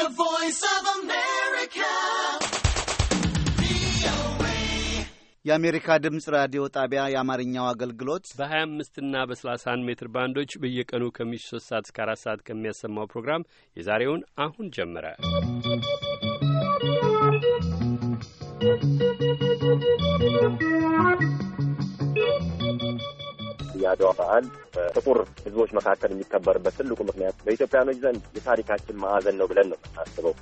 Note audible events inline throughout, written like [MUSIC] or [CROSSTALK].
The Voice of America. የአሜሪካ ድምፅ ራዲዮ ጣቢያ የአማርኛው አገልግሎት በ25 እና በ31 ሜትር ባንዶች በየቀኑ ከምሽቱ 3 ሰዓት እስከ 4 ሰዓት ከሚያሰማው ፕሮግራም የዛሬውን አሁን ጀመረ። የአድዋ በዓል በጥቁር ህዝቦች መካከል የሚከበርበት ትልቁ ምክንያት በኢትዮጵያኖች ዘንድ የታሪካችን ማዕዘን ነው ብለን ነው የምናስበው።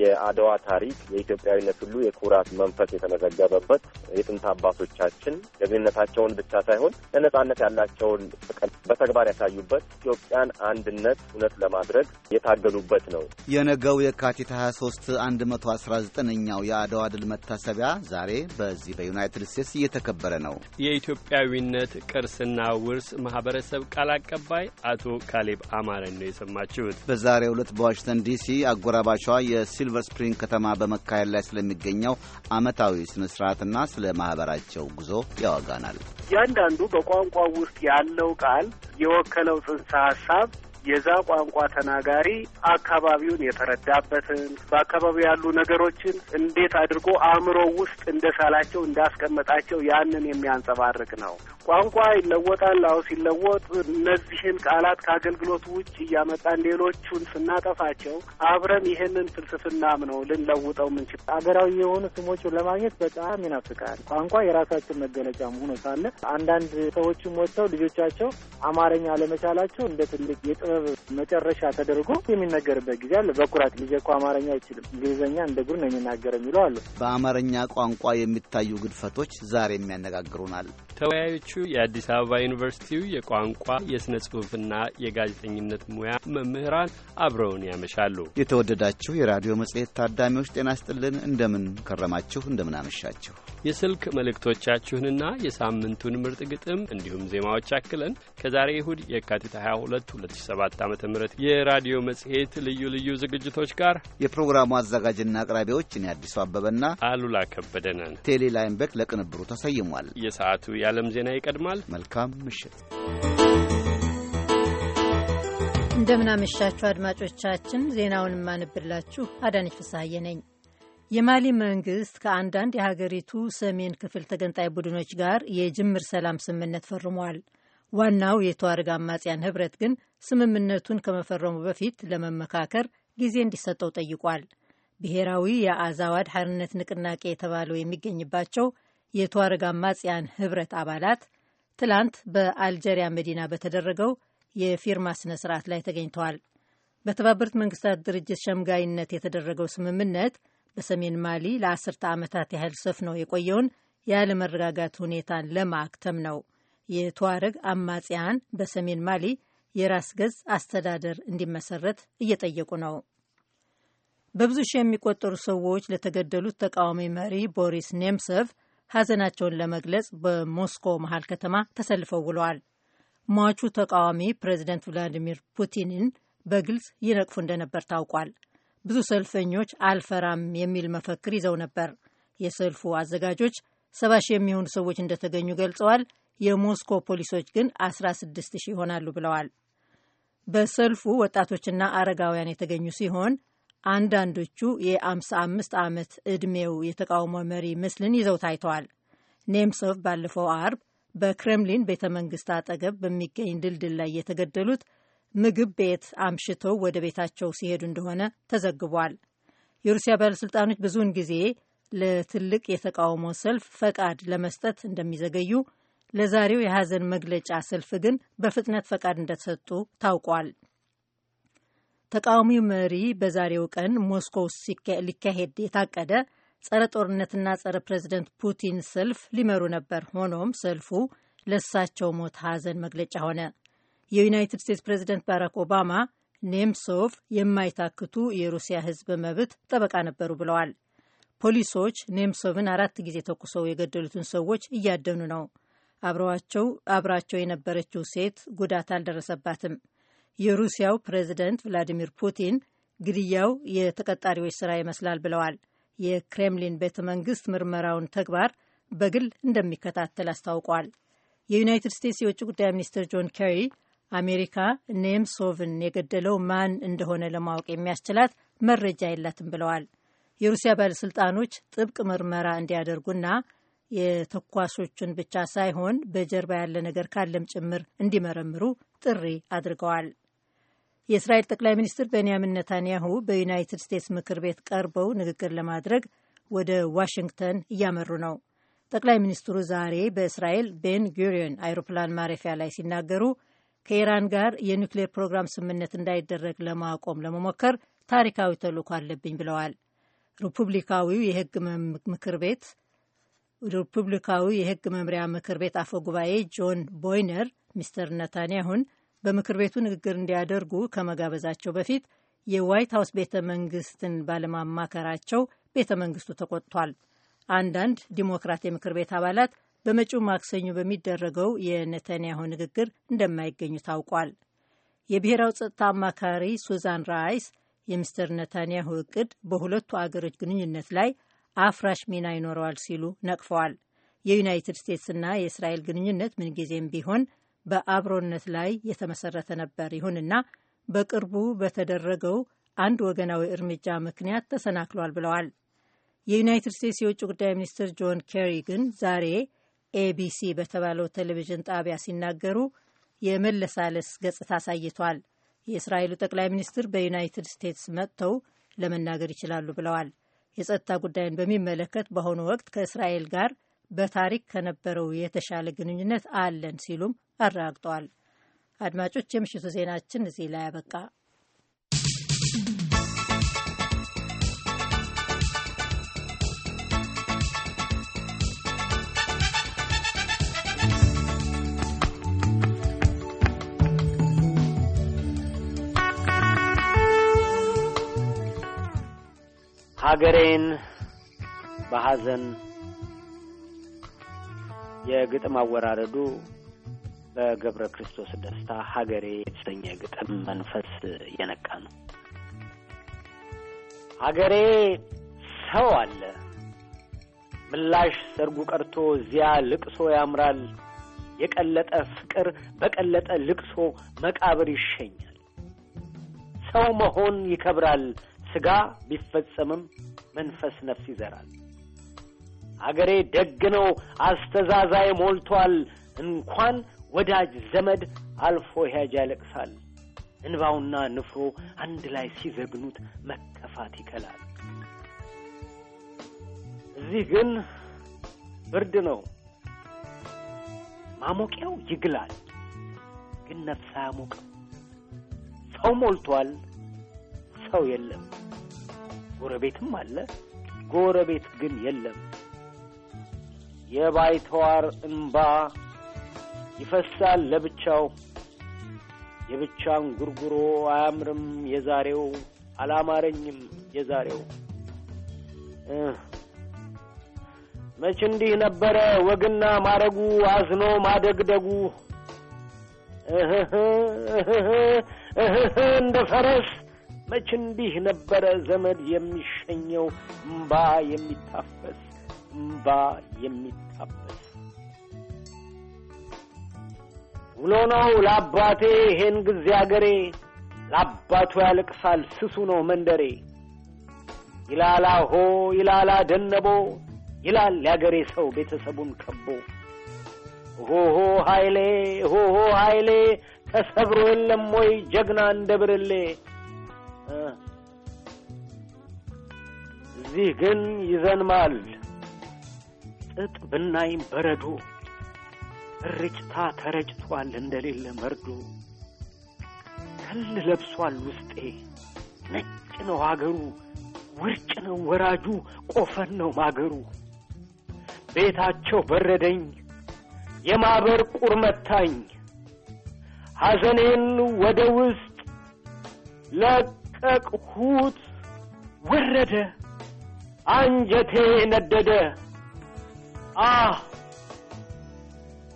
የአድዋ ታሪክ የኢትዮጵያዊነት ሁሉ የኩራት መንፈስ የተመዘገበበት የጥንት አባቶቻችን ጀግንነታቸውን ብቻ ሳይሆን ለነጻነት ያላቸውን ፍቅር በተግባር ያሳዩበት ኢትዮጵያን አንድነት እውነት ለማድረግ የታገሉበት ነው። የነገው የካቲት 23 119ኛው የአድዋ ድል መታሰቢያ ዛሬ በዚህ በዩናይትድ ስቴትስ እየተከበረ ነው። የኢትዮጵያዊነት ቅርስና ውርስ ማህበረሰብ ክለብ ቃል አቀባይ አቶ ካሌብ አማረን ነው የሰማችሁት። በዛሬው ዕለት በዋሽንግተን ዲሲ አጎራባቿ የሲልቨር ስፕሪንግ ከተማ በመካሄድ ላይ ስለሚገኘው ዓመታዊ ስነ ስርዓትና ስለ ማህበራቸው ጉዞ ያወጋናል። እያንዳንዱ በቋንቋ ውስጥ ያለው ቃል የወከለው ጽንሰ ሀሳብ የዛ ቋንቋ ተናጋሪ አካባቢውን የተረዳበትን በአካባቢው ያሉ ነገሮችን እንዴት አድርጎ አእምሮ ውስጥ እንደሳላቸው እንዳስቀመጣቸው ያንን የሚያንጸባርቅ ነው። ቋንቋ ይለወጣል። ላው ሲለወጥ እነዚህን ቃላት ከአገልግሎት ውጭ እያመጣን ሌሎቹን ስናጠፋቸው አብረን ይህንን ፍልስፍናም ነው ልንለውጠው ምንችል። ሀገራዊ የሆኑ ስሞችን ለማግኘት በጣም ይናፍቃል። ቋንቋ የራሳችን መገለጫ መሆኑ ሳለ አንዳንድ ሰዎችም ወጥተው ልጆቻቸው አማርኛ አለመቻላቸው እንደ ትልቅ የጥበ የጥበብ መጨረሻ ተደርጎ የሚነገርበት ጊዜ አለ። በኩራት ልጄ እኮ አማርኛ አይችልም እንግሊዝኛ እንደ ጉር ነው የሚናገር የሚለው አለ። በአማርኛ ቋንቋ የሚታዩ ግድፈቶች ዛሬ የሚያነጋግሩናል። ተወያዮቹ የአዲስ አበባ ዩኒቨርሲቲው የቋንቋ የሥነ ጽሑፍና የጋዜጠኝነት ሙያ መምህራን አብረውን ያመሻሉ። የተወደዳችሁ የራዲዮ መጽሔት ታዳሚዎች ጤና ስጥልን። እንደምን ከረማችሁ? እንደምን አመሻችሁ? የስልክ መልእክቶቻችሁንና የሳምንቱን ምርጥ ግጥም እንዲሁም ዜማዎች አክለን ከዛሬ እሁድ የካቲት 22 2007 ዓ ም የራዲዮ መጽሔት ልዩ ልዩ ዝግጅቶች ጋር የፕሮግራሙ አዘጋጅና አቅራቢዎች እኔ አዲሱ አበበና አሉላ ከበደ ነን። ቴሌ ላይምበክ ለቅንብሩ ተሰይሟል። የሰዓቱ ያ የዓለም ዜና ይቀድማል። መልካም ምሽት እንደምናመሻችሁ አድማጮቻችን። ዜናውን የማንብላችሁ አዳነች ፍስሐዬ ነኝ። የማሊ መንግስት ከአንዳንድ የሀገሪቱ ሰሜን ክፍል ተገንጣይ ቡድኖች ጋር የጅምር ሰላም ስምምነት ፈርሟል። ዋናው የተዋርግ አማጽያን ህብረት ግን ስምምነቱን ከመፈረሙ በፊት ለመመካከር ጊዜ እንዲሰጠው ጠይቋል። ብሔራዊ የአዛዋድ ሐርነት ንቅናቄ የተባለው የሚገኝባቸው የተዋረግ አማጽያን ህብረት አባላት ትላንት በአልጀሪያ መዲና በተደረገው የፊርማ ስነ ስርዓት ላይ ተገኝተዋል። በተባበሩት መንግስታት ድርጅት ሸምጋይነት የተደረገው ስምምነት በሰሜን ማሊ ለአስርተ ዓመታት ያህል ሰፍኖ የቆየውን ያለመረጋጋት ሁኔታን ለማክተም ነው። የተዋረግ አማጽያን በሰሜን ማሊ የራስ ገዝ አስተዳደር እንዲመሰረት እየጠየቁ ነው። በብዙ ሺህ የሚቆጠሩ ሰዎች ለተገደሉት ተቃዋሚ መሪ ቦሪስ ኔምሰቭ ሐዘናቸውን ለመግለጽ በሞስኮ መሃል ከተማ ተሰልፈው ውለዋል። ሟቹ ተቃዋሚ ፕሬዚደንት ቭላዲሚር ፑቲንን በግልጽ ይነቅፉ እንደነበር ታውቋል። ብዙ ሰልፈኞች አልፈራም የሚል መፈክር ይዘው ነበር። የሰልፉ አዘጋጆች ሰባ ሺህ የሚሆኑ ሰዎች እንደተገኙ ገልጸዋል። የሞስኮ ፖሊሶች ግን 16 ሺህ ይሆናሉ ብለዋል። በሰልፉ ወጣቶችና አረጋውያን የተገኙ ሲሆን አንዳንዶቹ የ55 ዓመት ዕድሜው የተቃውሞ መሪ ምስልን ይዘው ታይተዋል። ኔምሶቭ ባለፈው አርብ በክሬምሊን ቤተ መንግስት አጠገብ በሚገኝ ድልድል ላይ የተገደሉት ምግብ ቤት አምሽተው ወደ ቤታቸው ሲሄዱ እንደሆነ ተዘግቧል። የሩሲያ ባለሥልጣኖች ብዙውን ጊዜ ለትልቅ የተቃውሞ ሰልፍ ፈቃድ ለመስጠት እንደሚዘገዩ፣ ለዛሬው የሐዘን መግለጫ ሰልፍ ግን በፍጥነት ፈቃድ እንደተሰጡ ታውቋል። ተቃዋሚው መሪ በዛሬው ቀን ሞስኮ ውስጥ ሊካሄድ የታቀደ ጸረ ጦርነትና ጸረ ፕሬዚደንት ፑቲን ሰልፍ ሊመሩ ነበር። ሆኖም ሰልፉ ለሳቸው ሞት ሐዘን መግለጫ ሆነ። የዩናይትድ ስቴትስ ፕሬዚደንት ባራክ ኦባማ ኔምሶቭ የማይታክቱ የሩሲያ ሕዝብ መብት ጠበቃ ነበሩ ብለዋል። ፖሊሶች ኔምሶቭን አራት ጊዜ ተኩሰው የገደሉትን ሰዎች እያደኑ ነው። አብራቸው የነበረችው ሴት ጉዳት አልደረሰባትም። የሩሲያው ፕሬዚደንት ቭላዲሚር ፑቲን ግድያው የተቀጣሪዎች ስራ ይመስላል ብለዋል። የክሬምሊን ቤተ መንግስት ምርመራውን ተግባር በግል እንደሚከታተል አስታውቋል። የዩናይትድ ስቴትስ የውጭ ጉዳይ ሚኒስትር ጆን ኬሪ አሜሪካ ኔምሶቭን የገደለው ማን እንደሆነ ለማወቅ የሚያስችላት መረጃ የላትም ብለዋል። የሩሲያ ባለሥልጣኖች ጥብቅ ምርመራ እንዲያደርጉና የተኳሾቹን ብቻ ሳይሆን በጀርባ ያለ ነገር ካለም ጭምር እንዲመረምሩ ጥሪ አድርገዋል። የእስራኤል ጠቅላይ ሚኒስትር ቤንያሚን ነታንያሁ በዩናይትድ ስቴትስ ምክር ቤት ቀርበው ንግግር ለማድረግ ወደ ዋሽንግተን እያመሩ ነው። ጠቅላይ ሚኒስትሩ ዛሬ በእስራኤል ቤን ጉሪዮን አይሮፕላን ማረፊያ ላይ ሲናገሩ ከኢራን ጋር የኒውክሌር ፕሮግራም ስምምነት እንዳይደረግ ለማቆም ለመሞከር ታሪካዊ ተልኮ አለብኝ ብለዋል። ሪፑብሊካዊው የህግ ምክር ቤት ሪፑብሊካዊ የህግ መምሪያ ምክር ቤት አፈ ጉባኤ ጆን ቦይነር ሚስተር ነታንያሁን በምክር ቤቱ ንግግር እንዲያደርጉ ከመጋበዛቸው በፊት የዋይት ሀውስ ቤተ መንግስትን ባለማማከራቸው ቤተ መንግስቱ ተቆጥቷል። አንዳንድ ዲሞክራት የምክር ቤት አባላት በመጪው ማክሰኞ በሚደረገው የነተንያሁ ንግግር እንደማይገኙ ታውቋል። የብሔራዊ ጸጥታ አማካሪ ሱዛን ራይስ የሚስተር ነታንያሁ እቅድ በሁለቱ አገሮች ግንኙነት ላይ አፍራሽ ሚና ይኖረዋል ሲሉ ነቅፈዋል። የዩናይትድ ስቴትስና የእስራኤል ግንኙነት ምንጊዜም ቢሆን በአብሮነት ላይ የተመሰረተ ነበር። ይሁንና በቅርቡ በተደረገው አንድ ወገናዊ እርምጃ ምክንያት ተሰናክሏል ብለዋል። የዩናይትድ ስቴትስ የውጭ ጉዳይ ሚኒስትር ጆን ኬሪ ግን ዛሬ ኤቢሲ በተባለው ቴሌቪዥን ጣቢያ ሲናገሩ የመለሳለስ ገጽታ አሳይቷል። የእስራኤሉ ጠቅላይ ሚኒስትር በዩናይትድ ስቴትስ መጥተው ለመናገር ይችላሉ ብለዋል። የጸጥታ ጉዳይን በሚመለከት በአሁኑ ወቅት ከእስራኤል ጋር በታሪክ ከነበረው የተሻለ ግንኙነት አለን ሲሉም አረጋግጠዋል። አድማጮች፣ የምሽቱ ዜናችን እዚህ ላይ አበቃ። ሀገሬን በሐዘን የግጥም አወራረዱ በገብረ ክርስቶስ ደስታ ሀገሬ የተሰኘ ግጥም መንፈስ የነቃ ነው። ሀገሬ ሰው አለ ምላሽ ሰርጉ ቀርቶ እዚያ ልቅሶ ያምራል። የቀለጠ ፍቅር በቀለጠ ልቅሶ መቃብር ይሸኛል። ሰው መሆን ይከብራል። ስጋ ቢፈጸምም መንፈስ ነፍስ ይዘራል። አገሬ ደግ ነው አስተዛዛይ ሞልቷል። እንኳን ወዳጅ ዘመድ አልፎ ሄጅ ያለቅሳል። እንባውና ንፍሮ አንድ ላይ ሲዘግኑት መከፋት ይከላል። እዚህ ግን ብርድ ነው። ማሞቂያው ይግላል፣ ግን ነፍስ አያሞቅም። ሰው ሞልቷል፣ ሰው የለም። ጎረቤትም አለ፣ ጎረቤት ግን የለም። የባይተዋር እንባ ይፈሳል ለብቻው የብቻን ጉርጉሮ አያምርም የዛሬው አላማረኝም የዛሬው መች እንዲህ ነበረ ወግና ማረጉ አዝኖ ማደግደጉ እህህ እንደ ፈረስ መች እንዲህ ነበረ ዘመድ የሚሸኘው እምባ የሚታፈስ እምባ የሚታፈስ ውሎ ነው ለአባቴ ይሄን ጊዜ አገሬ ለአባቱ ያለቅሳል ስሱ ነው መንደሬ ይላላ ሆ ይላላ ደነቦ ይላል ያገሬ ሰው ቤተሰቡን ከቦ ሆሆ ኃይሌ ሆሆ ኃይሌ ተሰብሮ የለም ወይ ጀግና እንደ ብርሌ እዚህ ግን ይዘንማል ጥጥ ብናይም በረዶ ርጭታ ተረጭቷል እንደሌለ መርዶ ተል ለብሷል ውስጤ ነጭ ነው አገሩ ውርጭ ነው ወራጁ ቆፈን ነው ማገሩ ቤታቸው በረደኝ የማበር ቁር መታኝ ሐዘኔን ወደ ውስጥ ለቀቅሁት ወረደ አንጀቴ ነደደ አ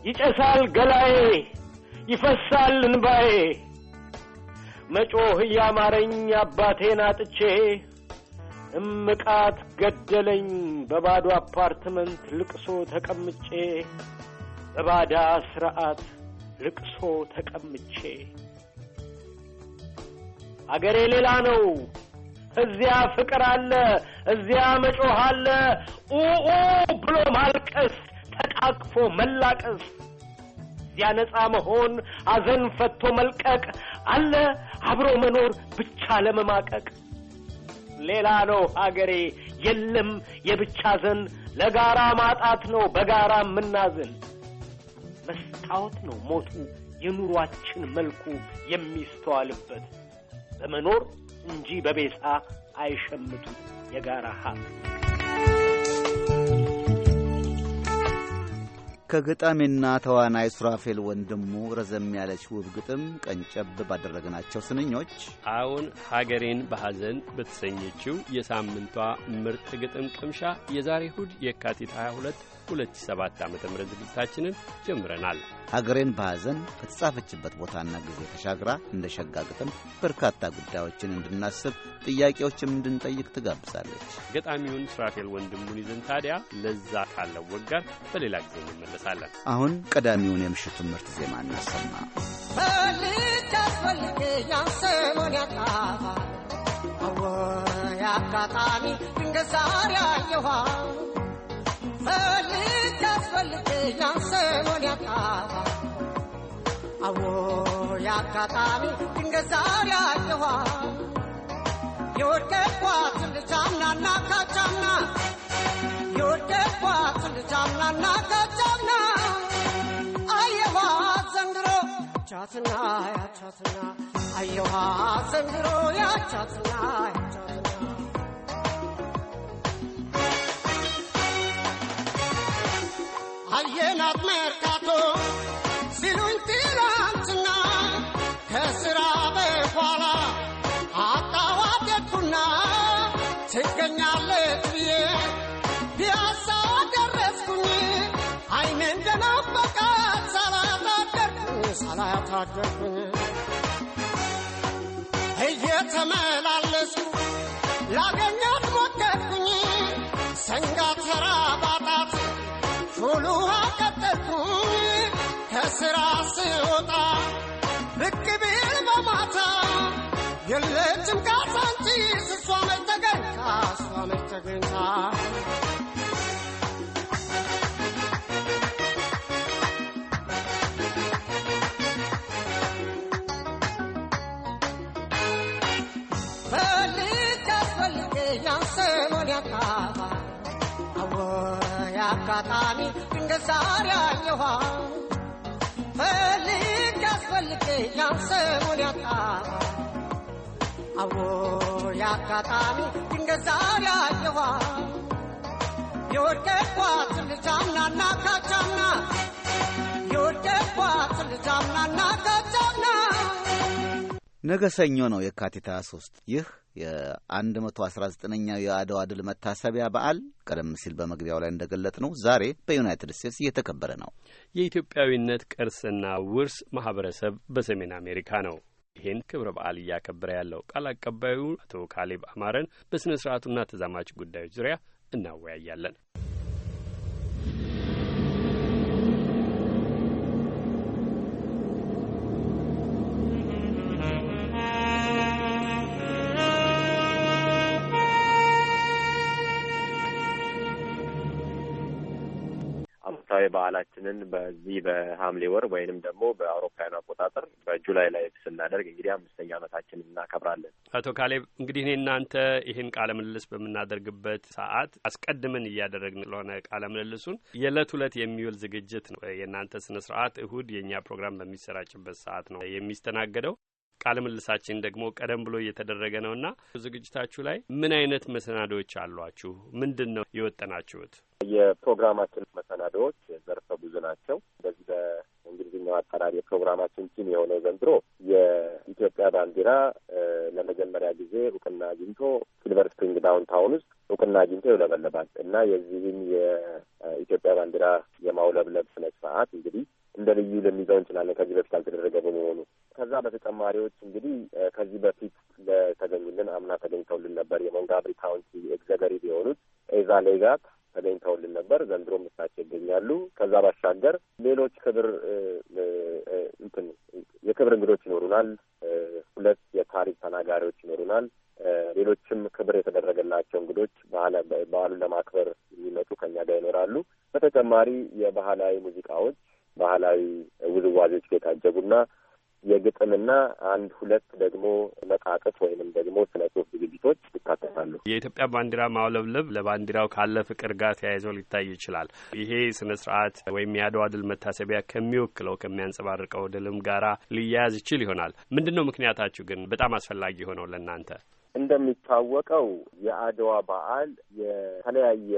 ይጨሳል ገላዬ ይፈሳል እንባዬ መጮህ እያማረኝ አባቴን አጥቼ እምቃት ገደለኝ በባዶ አፓርትመንት ልቅሶ ተቀምጬ በባዳ ስርዓት ልቅሶ ተቀምጬ አገሬ ሌላ ነው እዚያ ፍቅር አለ፣ እዚያ መጮህ አለ፣ ኡኡ ብሎ ማልቀስ ተቃቅፎ መላቀስ እዚያ ነፃ መሆን አዘን ፈቶ መልቀቅ አለ አብሮ መኖር ብቻ ለመማቀቅ ሌላ ነው ሀገሬ የለም የብቻ ዘን ለጋራ ማጣት ነው በጋራ የምናዝን መስታወት ነው ሞቱ የኑሯችን መልኩ የሚስተዋልበት በመኖር እንጂ በቤሳ አይሸምቱ የጋራ ሀብት ከገጣሚና ተዋናይ ሱራፌል ወንድሙ ረዘም ያለች ውብ ግጥም ቀንጨብ ባደረግናቸው ስንኞች አሁን ሀገሬን በሐዘን በተሰኘችው የሳምንቷ ምርጥ ግጥም ቅምሻ የዛሬ እሁድ የካቲት 22 2007 ዓ ም ዝግጅታችንን ጀምረናል። ሀገሬን በሐዘን ከተጻፈችበት ቦታና ጊዜ ተሻግራ እንደ ሸጋ ግጥም በርካታ ጉዳዮችን እንድናስብ ጥያቄዎችም እንድንጠይቅ ትጋብዛለች። ገጣሚውን ስራፌል ወንድሙን ይዘን ታዲያ ለዛ ካለው ወግ ጋር በሌላ ጊዜ እንመለሳለን። አሁን ቀዳሚውን የምሽቱ ምርት ዜማ እናሰማ። አዎ ያጋጣሚ ድንገት ዛሬ አየኋት chatna, chatsuna, ayoha, sendro ya chatna, chatna. አየናት መርካቶ ሲሉኝ ትላንትና ከስራ በኋላ አጣዋደኩና ትገኛለች ብዬ ፒያሳ ደረስኩኝ። አይኔ እንደናበቃት ሳላታደርኩኝ ሳላታደርኩኝ ውሃ ቀጠልኩኝ ከስራ ስወጣ ብቅ ቢል በማታ የለችም ካሳንቺስ እሷ መች ተገኝታ እሷ መች ተገኝታ ሳሪያኛዋ ፈልግ ያስፈልግ ያሰሙን ያጣ ነገ ሰኞ ነው የካቲት 23 ይህ የ119ኛው የአድዋ ድል መታሰቢያ በዓል ቀደም ሲል በመግቢያው ላይ እንደገለጥ ነው ዛሬ በዩናይትድ ስቴትስ እየተከበረ ነው። የኢትዮጵያዊነት ቅርስና ውርስ ማህበረሰብ በሰሜን አሜሪካ ነው ይህን ክብረ በዓል እያከበረ ያለው። ቃል አቀባዩ አቶ ካሌብ አማረን በሥነ ስርዓቱና ተዛማች ጉዳዮች ዙሪያ እናወያያለን። አመታዊ በዓላችንን በዚህ በሐምሌ ወር ወይንም ደግሞ በአውሮፓውያኑ አቆጣጠር በጁላይ ላይ ስናደርግ እንግዲህ አምስተኛ አመታችን እናከብራለን። አቶ ካሌብ እንግዲህ እኔ እናንተ ይህን ቃለ ምልልስ በምናደርግበት ሰዓት አስቀድመን እያደረግን ስለሆነ ቃለ ምልልሱን የዕለት ሁለት የሚውል ዝግጅት ነው። የእናንተ ስነ ስርዓት እሁድ የእኛ ፕሮግራም በሚሰራጭበት ሰዓት ነው የሚስተናገደው። ቃለ ምልሳችን ደግሞ ቀደም ብሎ እየተደረገ ነውና ዝግጅታችሁ ላይ ምን አይነት መሰናዶዎች አሏችሁ? ምንድን ነው የወጠናችሁት? የፕሮግራማችን መሰናዶዎች ዘርፈ ብዙ ናቸው። በዚህ በእንግሊዝኛው አጠራር የፕሮግራማችን ቲም የሆነው ዘንድሮ የኢትዮጵያ ባንዲራ ለመጀመሪያ ጊዜ እውቅና አግኝቶ ሲልቨር ስፕሪንግ ዳውንታውን ውስጥ እውቅና አግኝቶ ይውለበለባል እና የዚህም የኢትዮጵያ ባንዲራ የማውለብለብ ስነ ስርዓት እንግዲህ እንደ ልዩ ልንይዘው እንችላለን ከዚህ በፊት አልተደረገ በመሆኑ። ከዛ በተጨማሪዎች እንግዲህ ከዚህ በፊት ለተገኙልን አምና ተገኝተውልን ነበር የሞንጋብሪ ካውንቲ ኤግዘገሪቭ የሆኑት ኤዛ ሌጋት ተገኝተውልን ነበር። ዘንድሮም እሳቸው ይገኛሉ። ከዛ ባሻገር ሌሎች ክብር እንትን የክብር እንግዶች ይኖሩናል። ሁለት የታሪክ ተናጋሪዎች ይኖሩናል። ሌሎችም ክብር የተደረገላቸው እንግዶች በዓሉን ለማክበር የሚመጡ ከኛ ጋር ይኖራሉ። በተጨማሪ የባህላዊ ሙዚቃዎች ባህላዊ ውዝዋዜዎች የታጀቡና የግጥምና አንድ ሁለት ደግሞ መጣጥፍ ወይንም ደግሞ ስነ ጽሁፍ ዝግጅቶች ይካተታሉ። የኢትዮጵያ ባንዲራ ማውለብለብ ለባንዲራው ካለ ፍቅር ጋር ተያይዞ ሊታይ ይችላል። ይሄ ስነ ስርዓት ወይም የአድዋ ድል መታሰቢያ ከሚወክለው ከሚያንጸባርቀው ድልም ጋራ ሊያያዝ ይችል ይሆናል። ምንድን ነው ምክንያታችሁ ግን በጣም አስፈላጊ የሆነው ለእናንተ? እንደሚታወቀው የአድዋ በዓል የተለያየ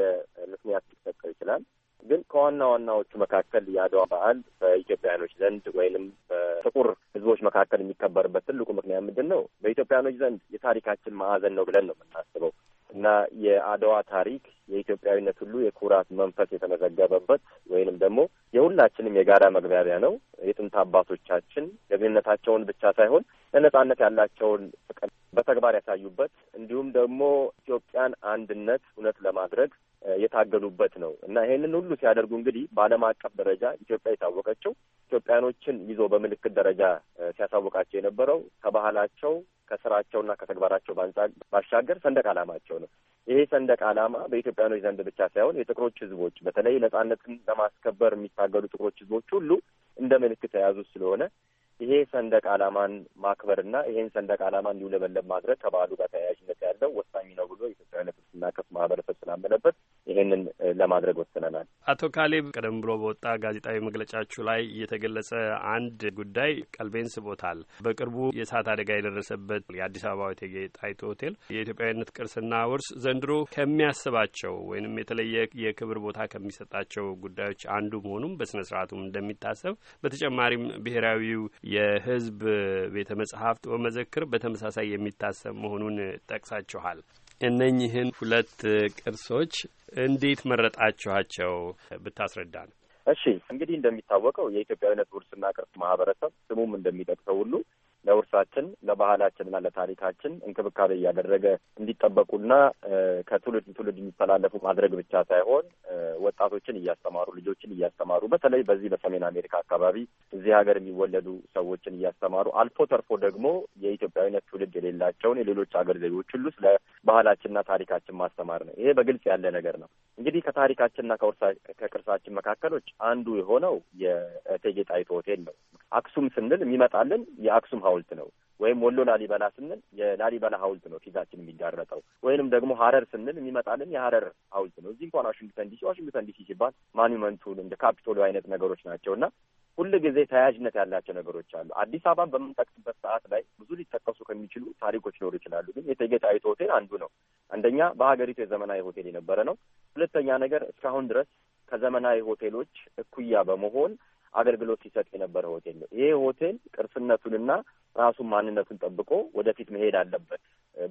ምክንያት ሊሰጠው ይችላል። ግን ከዋና ዋናዎቹ መካከል የአድዋ በዓል በኢትዮጵያኖች ዘንድ ወይንም በጥቁር ሕዝቦች መካከል የሚከበርበት ትልቁ ምክንያት ምንድን ነው? በኢትዮጵያኖች ዘንድ የታሪካችን ማዕዘን ነው ብለን ነው የምናስበው እና የአድዋ ታሪክ የኢትዮጵያዊነት ሁሉ የኩራት መንፈስ የተመዘገበበት ወይንም ደግሞ የሁላችንም የጋራ መግባቢያ ነው። የጥንት አባቶቻችን ጀግንነታቸውን ብቻ ሳይሆን ለነጻነት ያላቸውን ፍቅር በተግባር ያሳዩበት እንዲሁም ደግሞ ኢትዮጵያን አንድነት እውነት ለማድረግ የታገሉበት ነው እና ይሄንን ሁሉ ሲያደርጉ እንግዲህ በዓለም አቀፍ ደረጃ ኢትዮጵያ የታወቀችው ኢትዮጵያኖችን ይዞ በምልክት ደረጃ ሲያሳውቃቸው የነበረው ከባህላቸው ከስራቸውና ከተግባራቸው ባሻገር ሰንደቅ ዓላማቸው ነው። ይሄ ሰንደቅ ዓላማ በኢትዮጵያኖች ዘንድ ብቻ ሳይሆን የጥቁሮች ህዝቦች በተለይ ነጻነትን ለማስከበር የሚታገሉ ጥቁሮች ህዝቦች ሁሉ እንደ ምልክት የያዙ ስለሆነ ይሄ ሰንደቅ ዓላማን ማክበርና ይሄን ሰንደቅ ዓላማ እንዲውለበለብ ማድረግ ከበዓሉ ጋር ተያያዥነት ያለው ወሳኝ ነው ብሎ የኢትዮጵያ ክርስትና ማህበረሰብ ስላመነበት ይህንን ለማድረግ ወስነናል። አቶ ካሌብ ቀደም ብሎ በወጣ ጋዜጣዊ መግለጫችሁ ላይ የተገለጸ አንድ ጉዳይ ቀልቤን ስቦታል። በቅርቡ የእሳት አደጋ የደረሰበት የአዲስ አበባ እቴጌ ጣይቱ ሆቴል የኢትዮጵያዊነት ቅርስና ውርስ ዘንድሮ ከሚያስባቸው ወይንም የተለየ የክብር ቦታ ከሚሰጣቸው ጉዳዮች አንዱ መሆኑም በስነ ስርአቱም እንደሚታሰብ በተጨማሪም ብሔራዊው የህዝብ ቤተ መጽሐፍት ወመዘክር በተመሳሳይ የሚታሰብ መሆኑን ጠቅሳችኋል። እነኚህን ሁለት ቅርሶች እንዴት መረጣችኋቸው ብታስረዳ ነው። እሺ እንግዲህ እንደሚታወቀው የኢትዮጵያዊነት ውርስና ቅርስ ማህበረሰብ ስሙም እንደሚጠቅሰው ሁሉ ለውርሳችን ለባህላችንና ለታሪካችን እንክብካቤ እያደረገ እንዲጠበቁና ከትውልድ ትውልድ የሚተላለፉ ማድረግ ብቻ ሳይሆን ወጣቶችን እያስተማሩ ልጆችን እያስተማሩ በተለይ በዚህ በሰሜን አሜሪካ አካባቢ እዚህ ሀገር የሚወለዱ ሰዎችን እያስተማሩ አልፎ ተርፎ ደግሞ የኢትዮጵያዊነት ትውልድ የሌላቸውን የሌሎች ሀገር ዜጎች ሁሉ ስለ ባህላችንና ታሪካችን ማስተማር ነው። ይሄ በግልጽ ያለ ነገር ነው። እንግዲህ ከታሪካችንና ከቅርሳችን መካከሎች አንዱ የሆነው የእቴጌ ጣይቱ ሆቴል ነው። አክሱም ስንል የሚመጣልን የአክሱም ሀውልት ነው ወይም ወሎ ላሊበላ ስንል የላሊበላ ሀውልት ነው ፊታችን የሚጋረጠው። ወይንም ደግሞ ሀረር ስንል የሚመጣልን የሀረር ሀውልት ነው። እዚህ እንኳን ዋሽንግተን ዲሲ ዋሽንግተን ዲሲ ሲባል ማኒመንቱን እንደ ካፒቶሉ አይነት ነገሮች ናቸው እና ሁል ጊዜ ተያያዥነት ያላቸው ነገሮች አሉ። አዲስ አበባን በምንጠቅስበት ሰዓት ላይ ብዙ ሊጠቀሱ ከሚችሉ ታሪኮች ሊኖሩ ይችላሉ። ግን እቴጌ ጣይቱ ሆቴል አንዱ ነው። አንደኛ በሀገሪቱ የዘመናዊ ሆቴል የነበረ ነው። ሁለተኛ ነገር እስካሁን ድረስ ከዘመናዊ ሆቴሎች እኩያ በመሆን አገልግሎት ሲሰጥ የነበረ ሆቴል ነው። ይሄ ሆቴል ቅርስነቱንና ራሱን ማንነቱን ጠብቆ ወደፊት መሄድ አለበት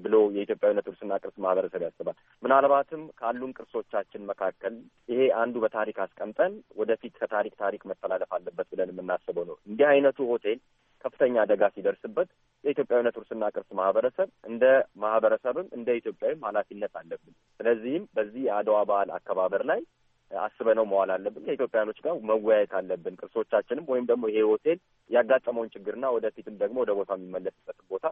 ብሎ የኢትዮጵያዊነት ቅርስና ቅርስ ማህበረሰብ ያስባል። ምናልባትም ካሉን ቅርሶቻችን መካከል ይሄ አንዱ በታሪክ አስቀምጠን ወደፊት ከታሪክ ታሪክ መተላለፍ አለበት ብለን የምናስበው ነው። እንዲህ አይነቱ ሆቴል ከፍተኛ አደጋ ሲደርስበት የኢትዮጵያዊነት ቅርስና ቅርስ ማህበረሰብ እንደ ማህበረሰብም እንደ ኢትዮጵያዊም ኃላፊነት አለብን። ስለዚህም በዚህ የአድዋ በዓል አከባበር ላይ አስበነው መዋል አለብን። ከኢትዮጵያኖች ጋር መወያየት አለብን። ቅርሶቻችንም ወይም ደግሞ ይሄ ሆቴል ያጋጠመውን ችግርና ወደፊትም ደግሞ ወደ ቦታ የሚመለስበት ቦታ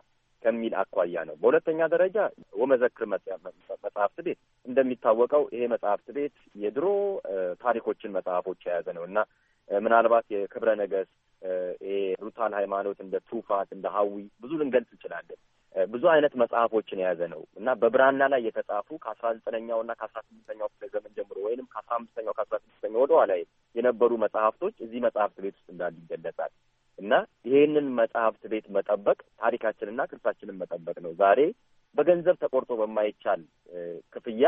ከሚል አኳያ ነው። በሁለተኛ ደረጃ ወመዘክር መጽሐፍት ቤት እንደሚታወቀው ይሄ መጽሐፍት ቤት የድሮ ታሪኮችን መጽሐፎች የያዘ ነው እና ምናልባት የክብረ ነገስት ይሄ ሩታል ሃይማኖት እንደ ቱፋት እንደ ሀዊ ብዙ ልንገልጽ እንችላለን። ብዙ አይነት መጽሐፎችን የያዘ ነው እና በብራና ላይ የተጻፉ ከአስራ ዘጠነኛው እና ከአስራ ስምንተኛው ክፍለ ዘመን ጀምሮ ወይንም ከአስራ አምስተኛው ከአስራ ስድስተኛው ወደ ኋላ የነበሩ መጽሐፍቶች እዚህ መጽሐፍት ቤት ውስጥ እንዳሉ ይገለጻል። እና ይሄንን መጽሐፍት ቤት መጠበቅ ታሪካችንና ቅርሳችንን መጠበቅ ነው። ዛሬ በገንዘብ ተቆርጦ በማይቻል ክፍያ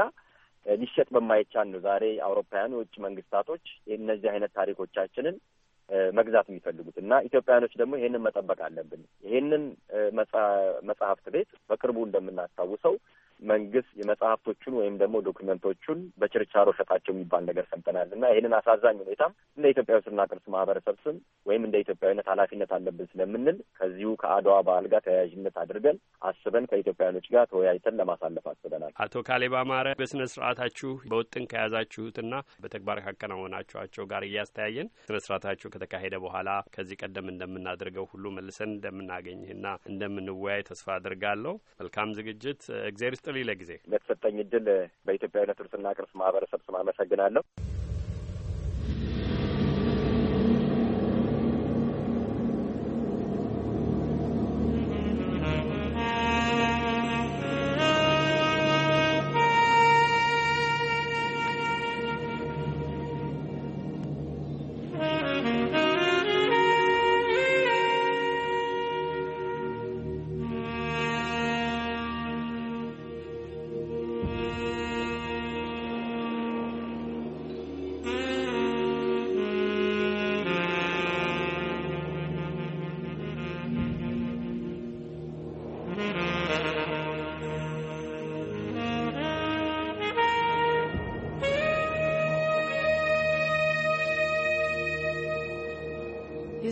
ሊሸጥ በማይቻል ነው ዛሬ አውሮፓውያን የውጭ መንግስታቶች እነዚህ አይነት ታሪኮቻችንን መግዛት የሚፈልጉት እና ኢትዮጵያውያኖች ደግሞ ይሄንን መጠበቅ አለብን። ይሄንን መጽሐፍት ቤት በቅርቡ እንደምናስታውሰው መንግስት የመጽሐፍቶቹን ወይም ደግሞ ዶክመንቶቹን በችርቻሮ ሸጣቸው የሚባል ነገር ሰምተናል እና ይህንን አሳዛኝ ሁኔታም እንደ ኢትዮጵያ ስና ቅርስ ማህበረሰብ ስም ወይም እንደ ኢትዮጵያዊነት ኃላፊነት አለብን ስለምንል ከዚሁ ከአድዋ በዓል ጋር ተያያዥነት አድርገን አስበን ከኢትዮጵያውያኖች ጋር ተወያይተን ለማሳለፍ አስበናል። አቶ ካሌብ አማረ በስነ ስርአታችሁ በውጥን ከያዛችሁትና በተግባር ካከናወናችኋቸው ጋር እያስተያየን ስነ ስርአታችሁ ከተካሄደ በኋላ ከዚህ ቀደም እንደምናደርገው ሁሉ መልሰን እንደምናገኝህና እንደምንወያይ ተስፋ አድርጋለሁ። መልካም ዝግጅት። እግዚአብሔር ይስጥልኝ ለጊዜ ለተሰጠኝ እድል በኢትዮጵያዊነት ቅርስና ቅርስ ማህበረሰብ ስም አመሰግናለሁ።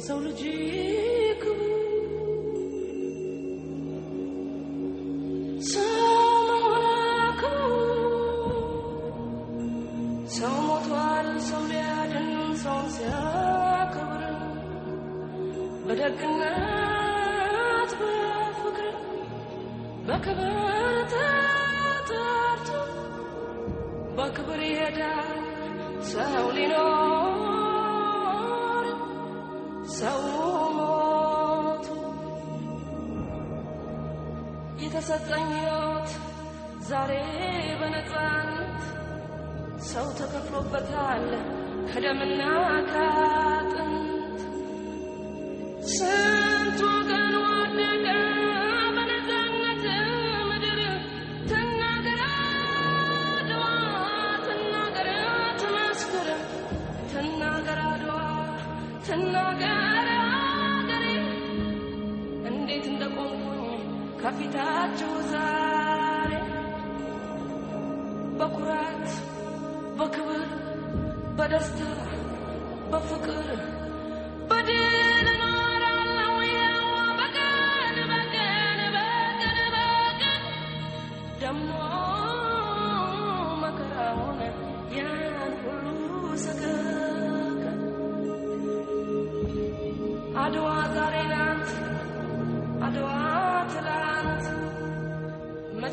no dia.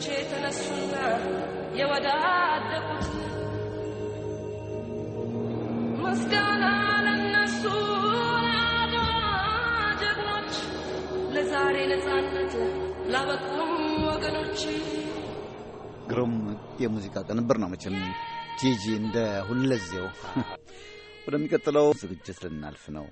ልጆቼ ተነሱና የወዳደቁት ምስጋና ለነሱ ጀግኖች፣ ለዛሬ ነጻነት ላበቁም ወገኖች። ግሩም የሙዚቃ ቅንብር ነው። መቼም ጂጂ እንደ ሁለዜው [LAUGHS] ወደሚቀጥለው ዝግጅት ልናልፍ ነው።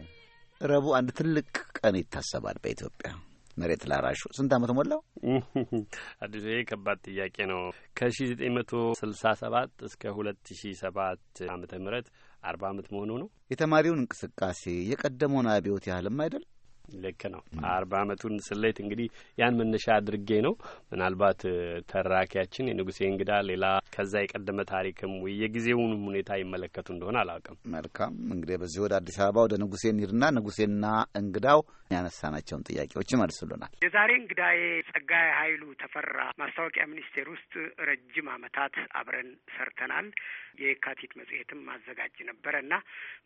ረቡዕ አንድ ትልቅ ቀን ይታሰባል በኢትዮጵያ። መሬት ላራሹ ስንት ዓመት ሞላው? [LAUGHS] አዲሱ ይሄ ከባድ ጥያቄ ነው። ከሺ ዘጠኝ መቶ ስልሳ ሰባት እስከ ሁለት ሺ ሰባት ዓመተ ምህረት አርባ ዓመት መሆኑ ነው። የተማሪውን እንቅስቃሴ የቀደመውን አብዮት ያህልም አይደል? ልክ ነው። አርባ አመቱን ስሌት እንግዲህ ያን መነሻ አድርጌ ነው። ምናልባት ተራኪያችን የንጉሴ እንግዳ ሌላ ከዛ የቀደመ ታሪክም የጊዜውንም ሁኔታ ይመለከቱ እንደሆነ አላውቅም። መልካም እንግዲህ በዚህ ወደ አዲስ አበባ ወደ ንጉሴ እንሂድና ንጉሴና እንግዳው ያነሳናቸውን ጥያቄዎች ይመልሱልናል። የዛሬ እንግዳዬ ጸጋዬ ኃይሉ ተፈራ ማስታወቂያ ሚኒስቴር ውስጥ ረጅም ዓመታት አብረን ሰርተናል። የካቲት መጽሔትም ማዘጋጅ ነበረ እና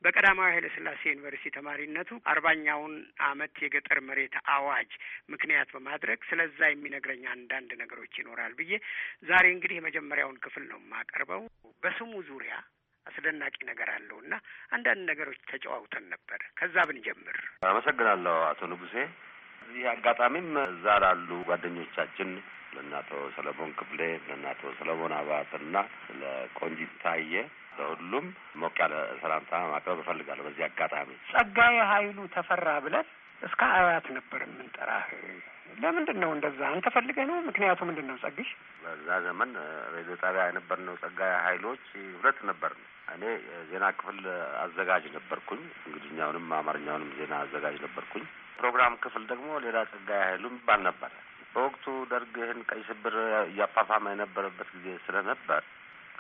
በቀዳማዊ ኃይለ ሥላሴ ዩኒቨርሲቲ ተማሪነቱ አርባኛውን ዓመት የገጠር መሬት አዋጅ ምክንያት በማድረግ ስለዛ የሚነግረኝ አንዳንድ ነገሮች ይኖራል ብዬ ዛሬ እንግዲህ የመጀመሪያውን ክፍል ነው የማቀርበው በስሙ ዙሪያ አስደናቂ ነገር አለው እና አንዳንድ ነገሮች ተጨዋውተን ነበር። ከዛ ብንጀምር። አመሰግናለሁ አቶ ንጉሴ። እዚህ አጋጣሚም እዛ ላሉ ጓደኞቻችን ለእነ አቶ ሰለሞን ክፍሌ፣ ለእነ አቶ ሰለሞን አባትና ለቆንጂት ታየ ለሁሉም ሞቅ ያለ ሰላምታ ማቅረብ እፈልጋለሁ። በዚህ አጋጣሚ ጸጋዬ ኃይሉ ተፈራ ብለን እስከ አያት ነበር የምንጠራህ ለምንድን ነው እንደዛ? አንተ ፈልገህ ነው? ምክንያቱ ምንድን ነው? ጸግሽ በዛ ዘመን ሬዲዮ ጣቢያ የነበርነው ጸጋ ኃይሎች ሁለት ነበር። እኔ ዜና ክፍል አዘጋጅ ነበርኩኝ። እንግሊዝኛውንም አማርኛውንም ዜና አዘጋጅ ነበርኩኝ። ፕሮግራም ክፍል ደግሞ ሌላ ጸጋ ኃይሉ ይባል ነበር። በወቅቱ ደርግ ይህን ቀይ ስብር እያፋፋመ የነበረበት ጊዜ ስለነበር